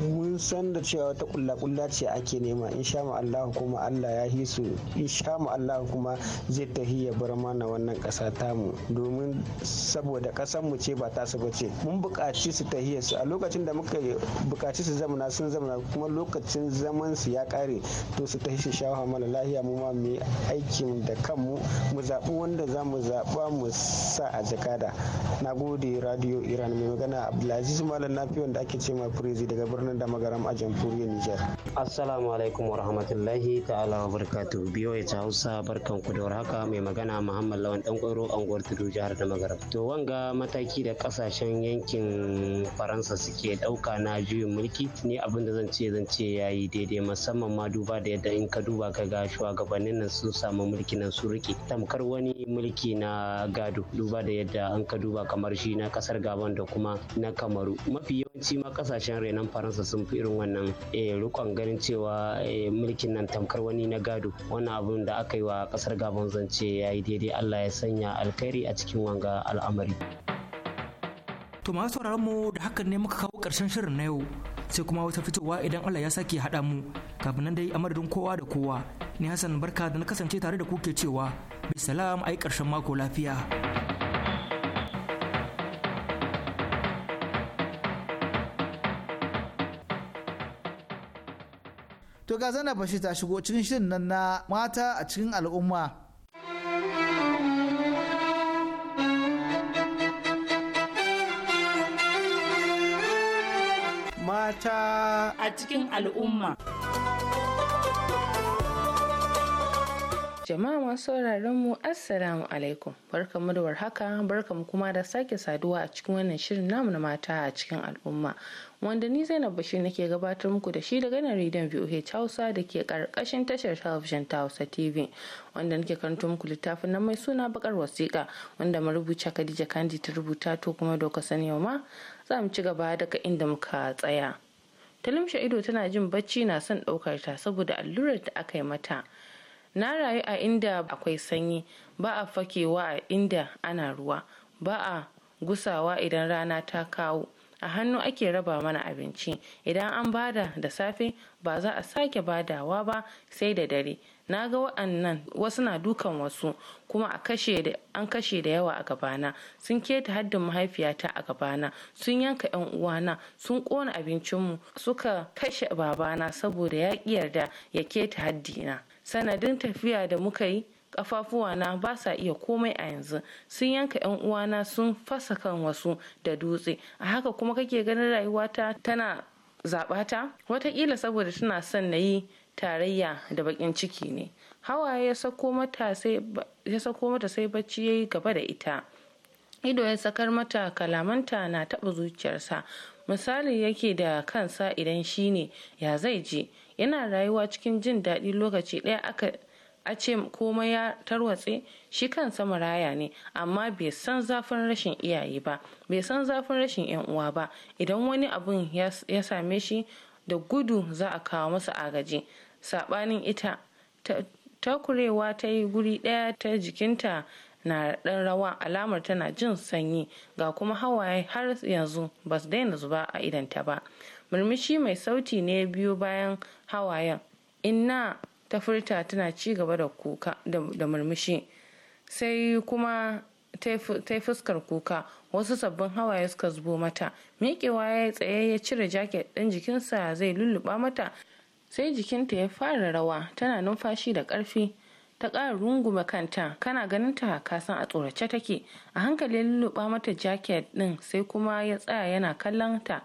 K: mun san da cewa ta kulla kulla ce ake nema mu Allah kuma Allah ya hisu mu Allah kuma zai tahi ya bar mana wannan kasa tamu domin saboda kasan mu ce ba ta su bace mun buƙaci su tahiya su a lokacin da muka bukaci su zamana sun zamana kuma lokacin zaman su ya kare to su ta shi shawo mana lahiya mu ma mu aikin da kanmu mu zaɓi wanda za mu zaɓa mu sa a jakada na gode radio iran mai magana abdulaziz malam nafi wanda ake ce ma firizi daga birnin da magaram a jamhuriyar nijar
J: assalamu
H: alaikum wa rahmatullahi ta'ala wa barkatu biyo ya hausa barkan ku da warhaka mai magana muhammad lawan dan kwaro anguwar tudu jihar da magaram to wanga mataki da kasashen yankin faransa suke dauka na juyin mulki ne abin da zan ce zan ce ya yi daidai musamman ma duba da yadda in ka duba ka ga shugabannin nan sun samu mulki nan su rike tamkar wani mulki na gado duba da yadda an ka duba kamar shi na kasar gabon da kuma na kamaru mafi yawanci ma kasashen renon faransa sun fi irin wannan eh, rikon ganin cewa eh, mulkin nan tamkar wani na gado wannan abin da aka yi wa kasar gabon ce ya yi daidai allah ya sanya alkhairi a cikin wanga al'amari.
F: To masu sauraron mu da hakan ne muka kawo ƙarshen shirin na yau sai kuma wata fitowa idan Allah ya sake haɗa mu kafin nan dai a madadin kowa da kowa ni Hassan barka da na kasance tare da ku ke cewa bisalam ai ƙarshen mako lafiya.
A: To ga zana bashi ta shigo cikin shirin nan na mata a cikin al'umma
M: mata a cikin al'umma. Jama'a masu sauraron mu Assalamu alaikum. Barkamu da warhaka, barkamu kuma da sake saduwa a cikin wannan shirin namu na mata a cikin al'umma. Wanda ni Zainab Bashir nake gabatar muku da shi daga nan rediyon VOH Hausa da ke karkashin tashar talabijin ta Hausa TV. Wanda nake karanto muku littafin nan mai suna bakar wasiƙa wanda marubuci Khadija Kandi ta rubuta to kuma doka sani ma za mu ci gaba daga inda muka tsaya ta ido tana jin bacci na son ɗaukar ta saboda allurar da aka yi mata na rayu a inda akwai sanyi ba a fakewa a inda ana ruwa ba a gusawa idan rana ta kawo a hannu ake raba mana abinci idan an bada da safe ba za a sake badawa ba sai da dare na ga wa'annan wasu na dukan wasu kuma an kashe da yawa a gabana sun keta haddin mahaifiyata a gabana sun yanka yan uwana sun kona abincinmu suka kashe babana saboda ya yarda ya keta haddina sanadin tafiya da muka yi kafafuwana ba sa iya komai a yanzu sun yanka yan uwana sun fasa kan wasu da dutse a haka kuma kake ganin rayuwata tana zaɓata watakila saboda tana son na yi tarayya da bakin ciki ne hawaye ya sako mata sai bacci ya yi gaba da ita ido ya sakar mata kalamanta na taɓa zuciyarsa misali yake da kansa idan shi ne ya zai je yana rayuwa cikin jin daɗi lokaci ɗaya aka a ce komai ya tarwatse shi kansa maraya ne amma bai san zafin rashin iyaye ba bai san zafin rashin yan uwa ba idan wani abun ya same shi da gudu za a kawo masa agaji saɓanin ita kurewa ta yi guri ɗaya ta jikinta na ɗan rawa alamar tana jin sanyi ga kuma hawaye har yanzu ba su daina zuba a idanta ba murmushi mai sauti ne biyu bayan hawayen inna ta furta tana ci gaba da kuka da murmushi sai kuma ta fuskar kuka wasu sabbin hawaye suka zubo mata miƙewa ya tsaye ya cire jaket ɗin jikinsa zai lulluɓa mata sai jikinta ya fara rawa tana numfashi da ƙarfi ta ƙara rungume kanta kana ganin ta kasan a tsorace take a hankali ya lulluɓa mata jaket ɗin sai kuma ya tsaya yana kallon ta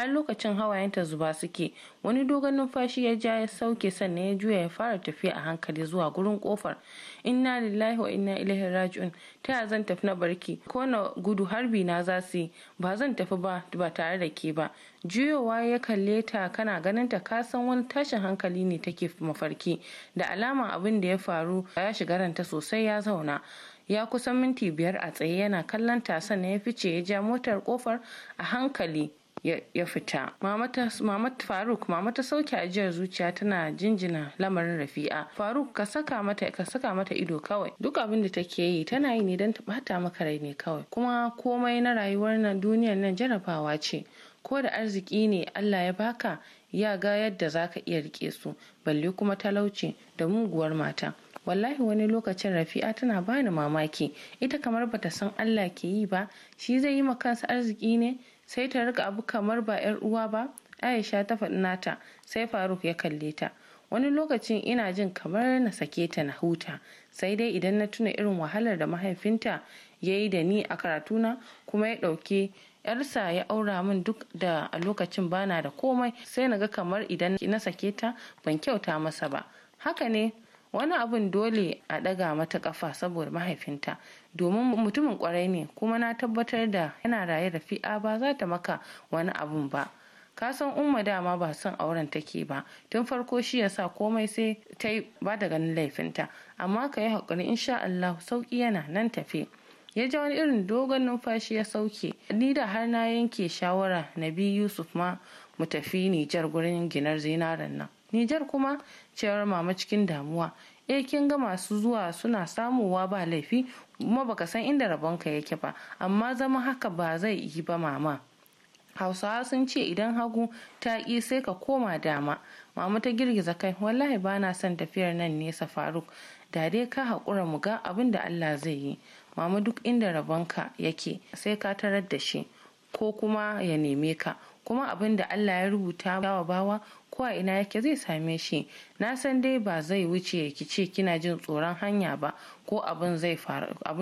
M: har lokacin hawayenta zuba suke wani dogon numfashi ya ja ya sauke sannan ya juya ya fara tafiya a hankali zuwa gurin kofar inna lillahi wa inna ilaihi raji'un ta ya zan tafi na barki ko na gudu harbi na za su ba zan tafi ba ba tare da ke ba juyowa ya kalle ta kana ganin ta ka san wani tashin hankali ne take mafarki da alama abin da ya faru ya shiga ranta sosai ya zauna ya kusan minti biyar a tsaye yana kallon ta sannan ya fice ya ja motar kofar a hankali ya fita mama faruk mama ta sauke ajiyar zuciya tana jinjina lamarin rafi'a faruk ka saka mata ka saka mata ido kawai duk abin da take yi tana yi ne don ta bata maka rai ne kawai kuma komai na rayuwar nan duniyar nan jarabawa ce ko da arziki ne allah ya baka ya ga yadda zaka iya rike su balle kuma talauci da muguwar mata wallahi wani lokacin rafi'a tana bani mamaki ita kamar bata san allah ke yi ba shi zai yi ma kansa arziki ne sai ta rika abu kamar ba 'yar uwa ba aisha ta faɗi nata sai faruk ya kalle ta wani lokacin ina jin kamar na sake ta na huta sai dai idan na tuna irin wahalar da mahaifinta ya yi da ni a karatuna kuma ya ɗauke yarsa ya aura min duk da a lokacin bana da komai sai na ga kamar idan na sake ta ban kyauta masa ba haka ne wani abun dole a ɗaga mata ƙafa saboda mahaifinta domin mutumin kwarai ne kuma na tabbatar da yana raye da fi'a ba za ta maka wani abun ba ka san umma dama ba son auren take ba tun farko shi ya sa komai sai ta yi ba da ganin laifinta amma ka yi haƙuri insha Allah sauki yana nan tafe ya ji wani irin dogon numfashi ya sauke ni da har na yanke shawara na bi yusuf ma mu tafi nijar gurin ginar zinaren nan nijar kuma cewar mama cikin damuwa e kin ga masu zuwa suna samuwa ba laifi kuma baka san inda rabonka yake ba amma zama haka ba zai yi ba mama hausawa sun ce idan hagu ta ƙi sai ka koma dama mama ta girgiza kai wallahi ba na son tafiyar nan nesa faruk da dai ka haƙura mu ga abin da allah zai yi mama duk inda rabonka yake sai ka tarar da shi ko kuma ya neme ka kuma abin da Allah ya rubuta wa bawa ko a ina yake zai same shi na san dai ba zai wuce ki ce kina jin tsoron hanya ba ko abin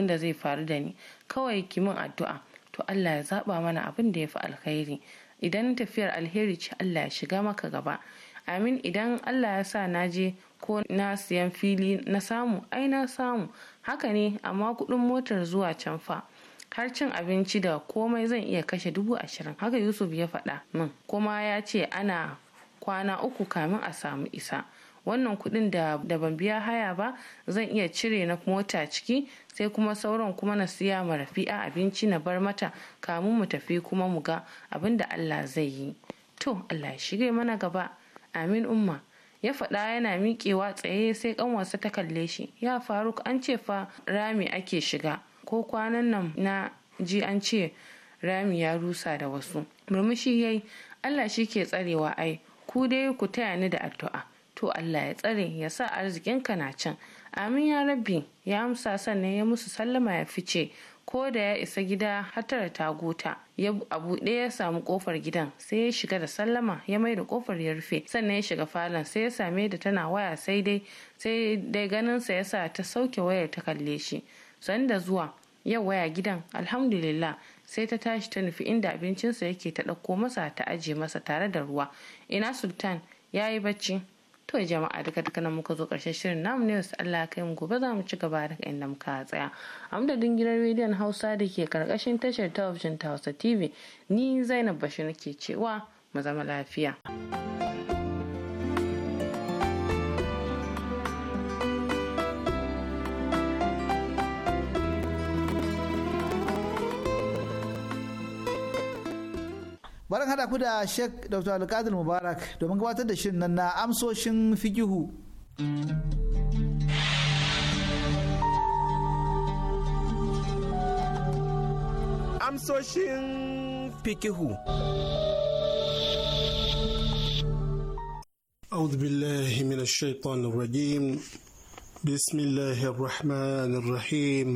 M: da zai faru da ni kawai ki min addu'a to Allah ya zaba mana abin da ya fi alkhairi idan tafiyar alheri ce Allah ya shiga maka gaba amin idan Allah ya sa na je ko na siyan fili na samu ai na samu haka ne amma kuɗin motar zuwa can fa har cin abinci da komai zan iya kashe dubu ashirin haka yusuf ya faɗa min kuma ya ce ana kwana uku kamin a samu isa wannan kuɗin da, ban biya haya ba zan iya cire na mota ciki sai kuma sauran kuma na siya ma rafi'a abinci na bar mata kamun mu tafi kuma mu ga abin da allah zai yi to allah ya shige mana gaba amin umma ya faɗa yana miƙewa tsaye sai ƙanwarsa ta kalle shi ya faruk an ce fa rami ake shiga ko kwanan nan na ji an ce rami ya rusa da wasu murmushi yayi allah shi ke tsarewa ai ku dai ku taya ni da addu'a to allah ya tsare ya sa arzikinka na can amin ya rabbi ya amsa sannan ya musu sallama ya fice ko da ya isa gida har ta gota ya abu buɗe ya samu kofar gidan sai ya shiga da sallama ya mai da kofar ya rufe sannan ya shiga falon sai ya same da tana waya sai dai sai dai ganinsa ya sa ta sauke wayar ta kalle shi sanda zuwa yau waya gidan alhamdulillah sai ta tashi ta nufi inda abincinsa yake ta ɗauko masa ta aje masa tare da ruwa ina sultan ya yi bacci to jama'a duka duka nan muka zo karshen shirin namu ne wasu Allah kai mu gobe za mu ci gaba daga inda muka tsaya a madadin gidan rediyon hausa da ke karkashin tashar talabijin ta hausa tv ni zainab bashir nake cewa mu zama lafiya.
A: barin hada ku da Sheikh Dr. Alkadir Mubarak domin gabatar da shirin nan na amsoshin fikihu.
E: Amsoshin fikihu. أعوذ بالله
N: من الشيطان الرجيم بسم الله الرحمن الرحيم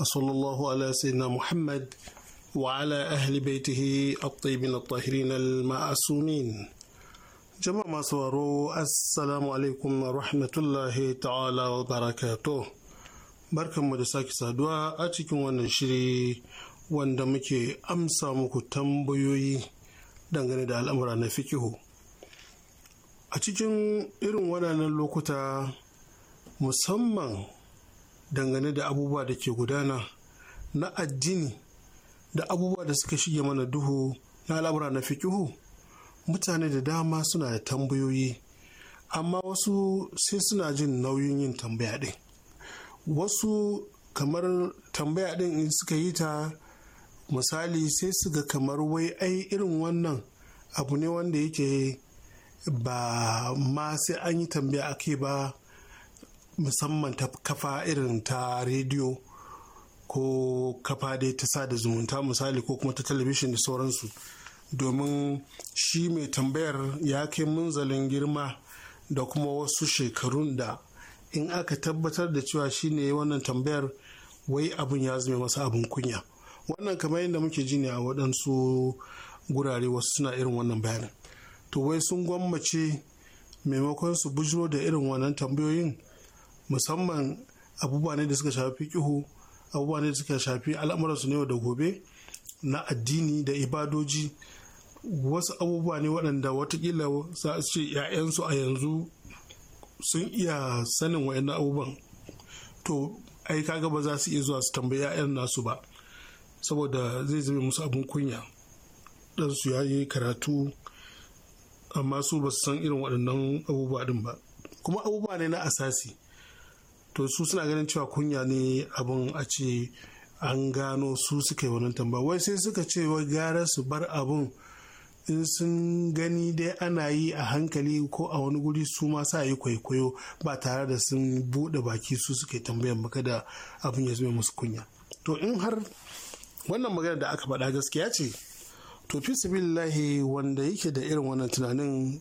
N: وصلى الله على سيدنا محمد وعلى أهل بيته الطيبين الطاهرين المعصومين jama'a masu waro assalamu alaikum wa rahmatullahi ta'ala wa barakato barkanmu da sake saduwa a cikin wannan shiri wanda muke amsa muku tambayoyi dangane da al'amura na fikihu a cikin irin waɗannan lokuta musamman dangane da abubuwa da ke gudana na addini da abubuwa da suka shige mana duhu na al'amura na fikihu mutane da dama suna da tambayoyi amma wasu sai suna jin nauyin yin tambaya ɗin wasu kamar tambaya ɗin in suka yi ta misali sai su ga kamar wai ai irin wannan abu ne wanda yake ba ma sai an yi tambaya ake ba musamman ta kafa irin ta rediyo ko kafa dai ta sada zumunta misali ko kuma ta talabishin da sauransu domin shi mai tambayar ya kai munzalin girma da kuma wasu shekarun da in aka tabbatar da cewa shi ne wannan tambayar wai abin ya zama masa abin kunya wannan kamar yadda muke ji ne a waɗansu gurare wasu suna irin wannan bayanin to wai sun gwammace maimakon su bujiro da irin wannan tambayoyin musamman abubuwa ne da suka shafi kihu abubuwa ne suka shafi al'amuransu ne da gobe na addini da ibadoji wasu abubuwa ne waɗanda watakila za su ce 'ya'yansu a yanzu sun iya sanin wa'annan abubuwan to ai kaga ba za su iya zuwa su tambayi 'ya'yan nasu ba saboda zai zama musu abin kunya ɗansu ya yi karatu amma su ba su san irin waɗannan abubuwa ɗin ba kuma abubuwa ne na asasi to su suna ganin cewa kunya ne abin a ce an gano su suka yi wannan tamba wai sai suka ce wai gara su bar abun in sun gani dai ana yi a hankali ko a wani guri su ma sa yi kwaikwayo ba tare da sun buɗe baki su suke tambayan maka da abin ya zama musu kunya to in har wannan magana da aka faɗa gaskiya ce to fi lahi, wanda yake da irin wannan tunanin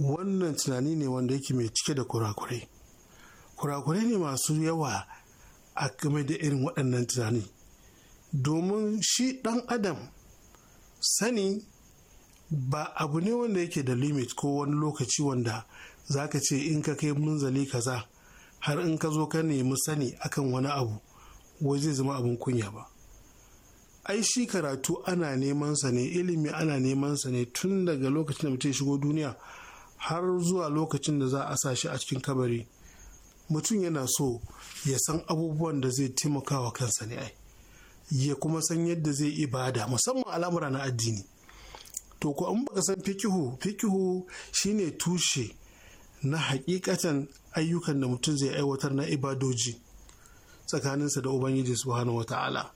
N: wannan tunani ne wanda yake mai cike da kurakurai kurakurai ne masu yawa a game da irin waɗannan tunani domin shi ɗan adam sani ba abu ne wanda yake da limit ko wani lokaci wanda za ka ce in ka kai munzali kaza har in ka zo ka nemi sani akan wani abu wai zai zama abin kunya ba ai shi karatu ana neman sa ne ilimi ana neman sa ne tun daga lokacin da mutum shigo duniya har zuwa lokacin da za a sa shi a cikin kabari mutum yana so ya san abubuwan da zai taimaka wa kansa ne ai ya kuma san yadda zai ibada musamman al'amura na addini to ko an baka san fikihu fikihu shine tushe na hakikatan ayyukan da mutum zai aiwatar na ibadoji tsakaninsa da ubangiji subhanahu wata'ala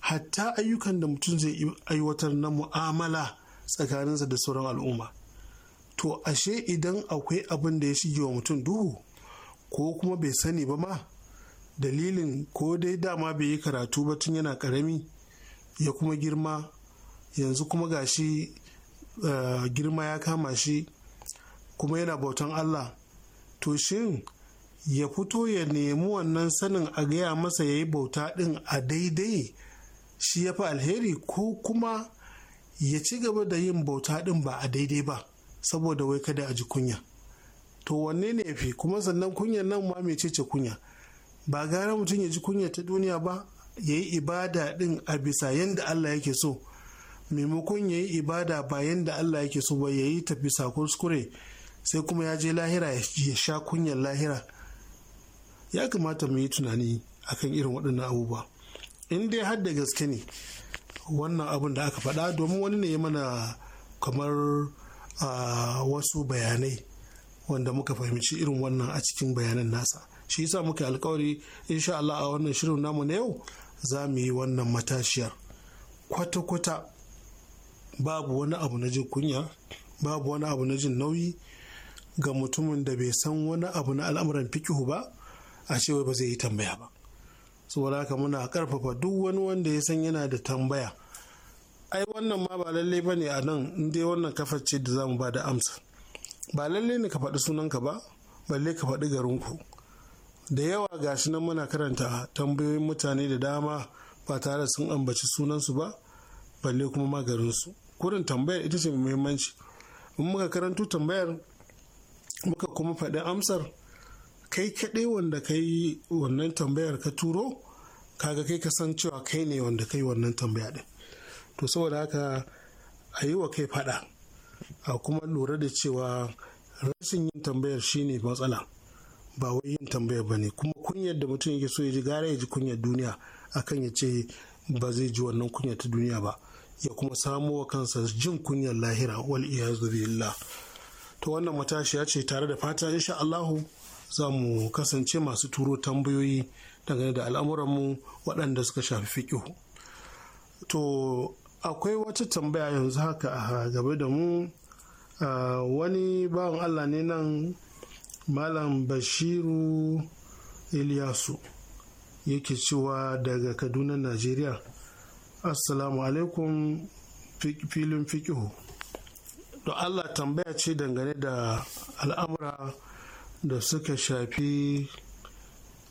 N: hatta ayyukan da mutum zai aiwatar na mu'amala tsakaninsa da sauran al'umma to ashe idan akwai abin da ya shige wa mutum duhu ko kuma bai sani ba ma dalilin ko dai dama bai yi karatu ba tun yana karami ya kuma girma yanzu kuma gashi uh, eh, girma ya kama shi kuma yana bautan Allah to shin ya fito ya nemi wannan sanin a gaya masa ya yi bauta ɗin a daidai shi ya fi alheri ko kuma ya ci gaba da yin bauta ɗin ba a daidai ba saboda wai kada a ji kunya. to wanne ne fi kuma sannan kunya nan ma ce kunya ba gara mutum ya ji kunya ta duniya ba ya yi ibada din a bisa yadda Allah yake so maimakon ya yi ibada ba yadda Allah yake so ba ya yi ta bisa kuskure sai kuma ya je lahira ya sha kunyar lahira ya kamata mu yi tunani akan irin waɗannan abubuwa in dai har da gaske ne wannan abin da aka faɗa domin wani ne ya mana kamar ah, wasu bayanai wanda muka fahimci irin wannan a cikin bayanan nasa shi yasa muka alkawari insha Allah a wannan shirin namu na yau za mu yi wannan matashiyar kwata-kwata babu wani abu na jin kunya babu wani abu na jin nauyi ga mutumin da bai san wani abu na al'amuran fikihu ba a cewa ba zai yi tambaya ba saboda haka muna karfafa duk wani wanda ya san yana da tambaya ai wannan ma ba lallai ba ne a nan in dai wannan kafar ce da za mu ba da amsa ba lalle ne ka faɗi sunanka ba balle ka faɗi garinku da yawa gashi nan muna karanta tambayoyin mutane da dama ba tare sun ambaci sunansu ba balle kuma magarinsu kurin tambayar ita ce muhimmanci in muka karanto tambayar muka kuma faɗi amsar kai kaɗai wanda ka yi wannan tambayar ka turo kaga kai ka san cewa kai ne wanda ka yi wannan tambaya ɗin to saboda haka a yi wa kai faɗa a kuma lura da cewa rashin yin tambayar shine matsala ba wai yin tambayar ba ne kuma kunyar da mutum yake so ya ji gara ya ji kunyar duniya akan ya ce ba zai ji wannan kunyar ta duniya ba ya kuma samo wa kansa jin kunyar lahira wal iyazu billah to wannan matashiya ce tare da fata insha Allahu za mu kasance masu turo tambayoyi dangane da al'amuranmu waɗanda suka shafi fiƙihu to akwai wata tambaya yanzu haka a ah, gaba da mu ah, wani bawan allah ne nan malam bashiru iliyasu yake cewa daga kaduna najeriya assalamu alaikum filin fikihu to allah tambaya ce dangane da al'amura da suka shafi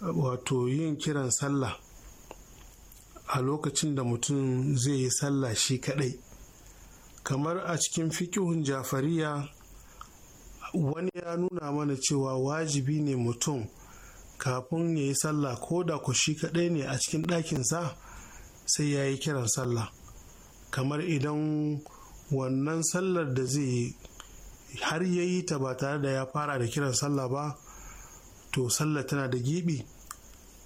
N: wato yin kiran sallah a lokacin da mutum zai yi sallah shi kadai kamar a cikin fikihun jafariya wani ya nuna mana cewa wajibi ne mutum kafin ya yi sallah ko da ku shi kadai ne a cikin ɗakinsa sai ya yi kiran sallah kamar idan wannan sallar da zai yi har ya yi ta ba tare da ya fara da kiran sallah ba to sallah tana da giɓi,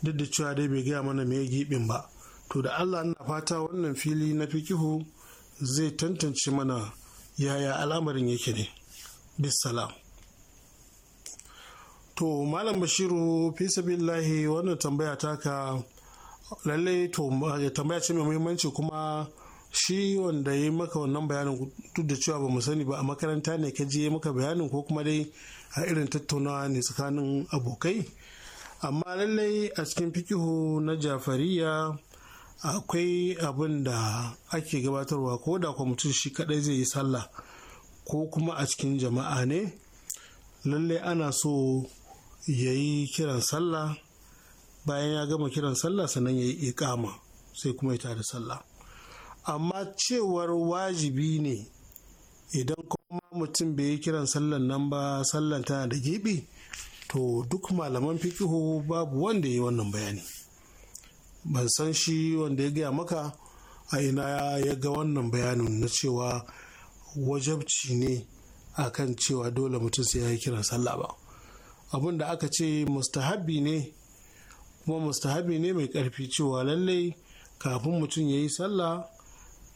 N: duk da cewa dai bai gaya mana mai gibin ba to da allah na fata wannan fili na fikihu zai tantance mana yaya al'amarin yake ne bisalam to malam bashiru fisabillahi wannan tambaya taka lallai to eh, tambaya ce mai muhimmanci kuma shi wanda ya yi maka wannan bayanin duk da cewa ba mu sani ba a makaranta ne ka je maka bayanin ko kuma dai a irin tattaunawa ne tsakanin abokai amma lallai a cikin fikihu na jafariya akwai abin da ake gabatarwa ko da kuma mutum shi kadai zai yi sallah ko kuma a cikin jama'a ne lalle ana so ya yi kiran sallah bayan ya gama kiran sallah sannan ya yi ikama sai kuma ya tare sallah amma cewar wajibi ne idan kuma mutum bai yi kiran sallan nan ba sallan tana da gibi to duk malaman fikihu babu wanda ya yi wannan bayani. ban san shi wanda ya gaya maka a ina ya ga wannan bayanin na cewa wajabci ne akan cewa dole mutum sai ya yi kiran sallah ba abin da aka ce mustahabi ne kuma mustahabi ne mai karfi cewa lallai kafin mutum ya yi sallah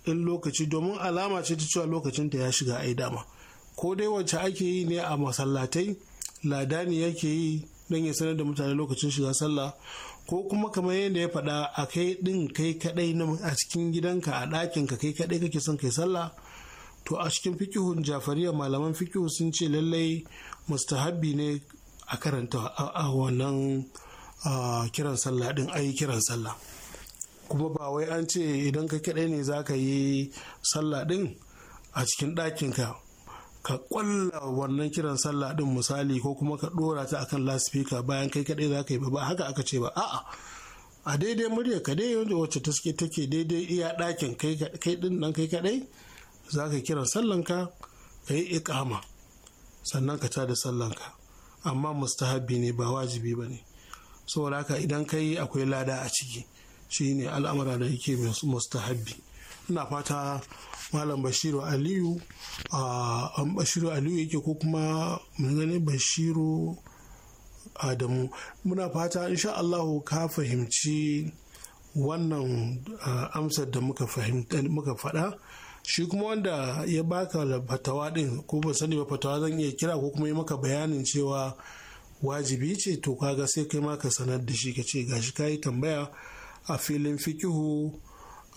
N: in lokaci domin alama ce ta cewa lokacinta ya shiga ai dama ko dai wacce ake yi ne a masallatai ladani yake yi don ya sanar da mutane lokacin shiga sallah ko kuma kamar yadda ya faɗa a kai ɗin kai kaɗai a cikin gidanka a ɗakinka kai kaɗai kake son kai sallah to a cikin fikihun jafariya malaman fikihu sun ce lallai mustahabbi ne a karanta a wannan kiran sallah ɗin ayi kiran sallah kuma ba wai an ce idan ka kaɗai ne za ka yi sallah ɗin a cikin ɗakinka ka kwalla wannan kiran sallah din misali ko kuma ka dora ta akan laspika bayan kai kadai za ka yi ba haka aka ce ba a'a a daidai murya ka dai wanda wacce ta suke take daidai iya ɗakin kai din nan kai kadai za ka kiran sallanka ka yi ikama sannan ka tada sallanka amma mustahabi ne ba wajibi ba ne saboda idan kai akwai lada a ciki shine al'amura da yake mustahabi ina fata malam bashiru aliyu a bashiru aliyu yake ko kuma mun gani bashiru adamu muna fata in sha allahu ka fahimci wannan amsar da muka faɗa shi kuma wanda ya baka fatawa din ko ban sani ba fatawa zan iya kira ko kuma yi maka bayanin cewa wajibi ce to kaga sai kai maka ka sanar da shi ka ce ka yi tambaya a filin fikihu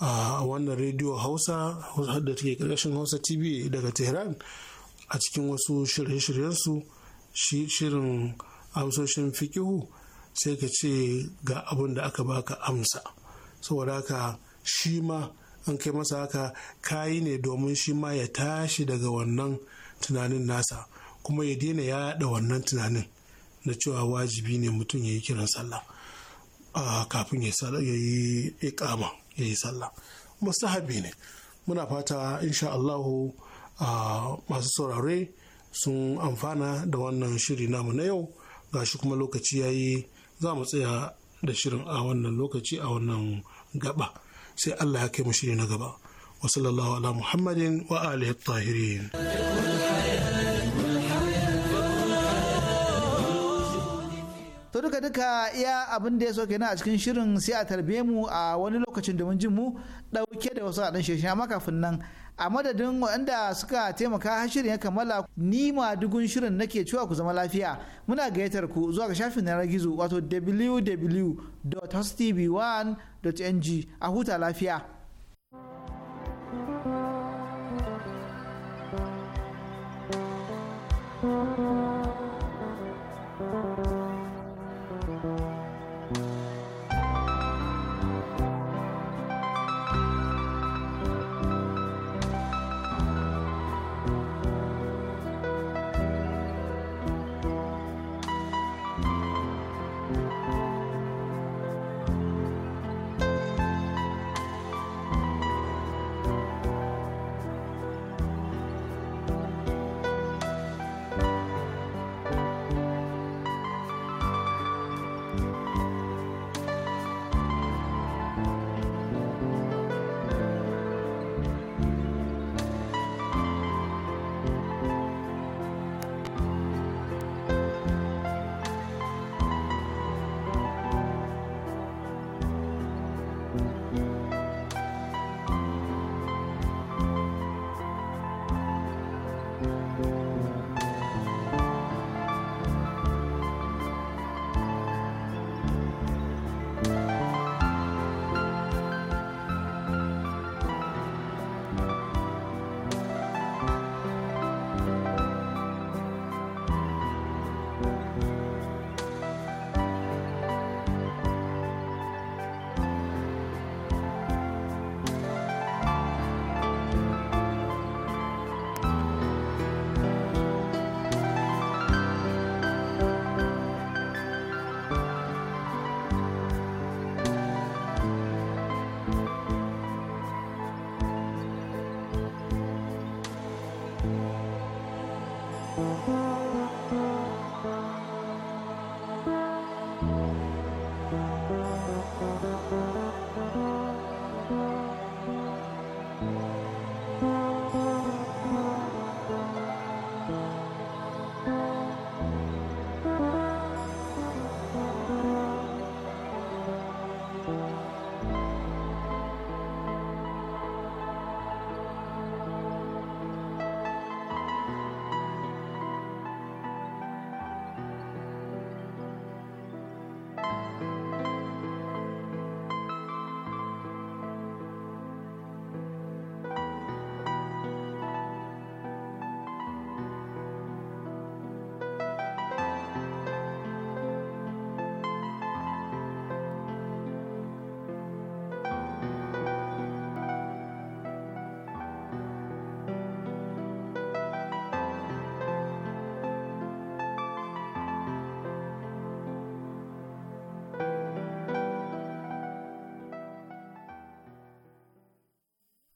N: a wannan rediyo hausa da take karkashin hausa tv daga tehran a cikin wasu shirye-shiryensu shirin hausoshin fikihu sai ka ce ga abin da aka baka amsa saboda haka shi ma an kai masa haka kayi ne domin shi ma ya tashi daga wannan tunanin nasa kuma ya daina yaɗa wannan tunanin na cewa wajibi ne mutum ya yi kiran sallah kafin ya yi ikama. ya yi sallah mustahabi ne muna fata insha Allahu masu saurare sun amfana da wannan shiri namu na yau gashi kuma lokaci ya yi za mu tsaya da shirin a wannan lokaci a wannan gaba sai Allah ya kai mu shiri na gaba wa sallallahu ala muhammadin wa alihi tahirin
A: to duka duka iya abin da ya so kenan a cikin shirin sai a tarbe mu a wani lokacin domin jin mu dauke da wasu adan sheshi amma kafin nan a madadin waɗanda suka taimaka har shirin ya kammala ni ma dugun shirin nake cewa ku zama lafiya muna gayyatar ku zuwa ga shafin na gizo wato www.hostv1.ng a huta lafiya Música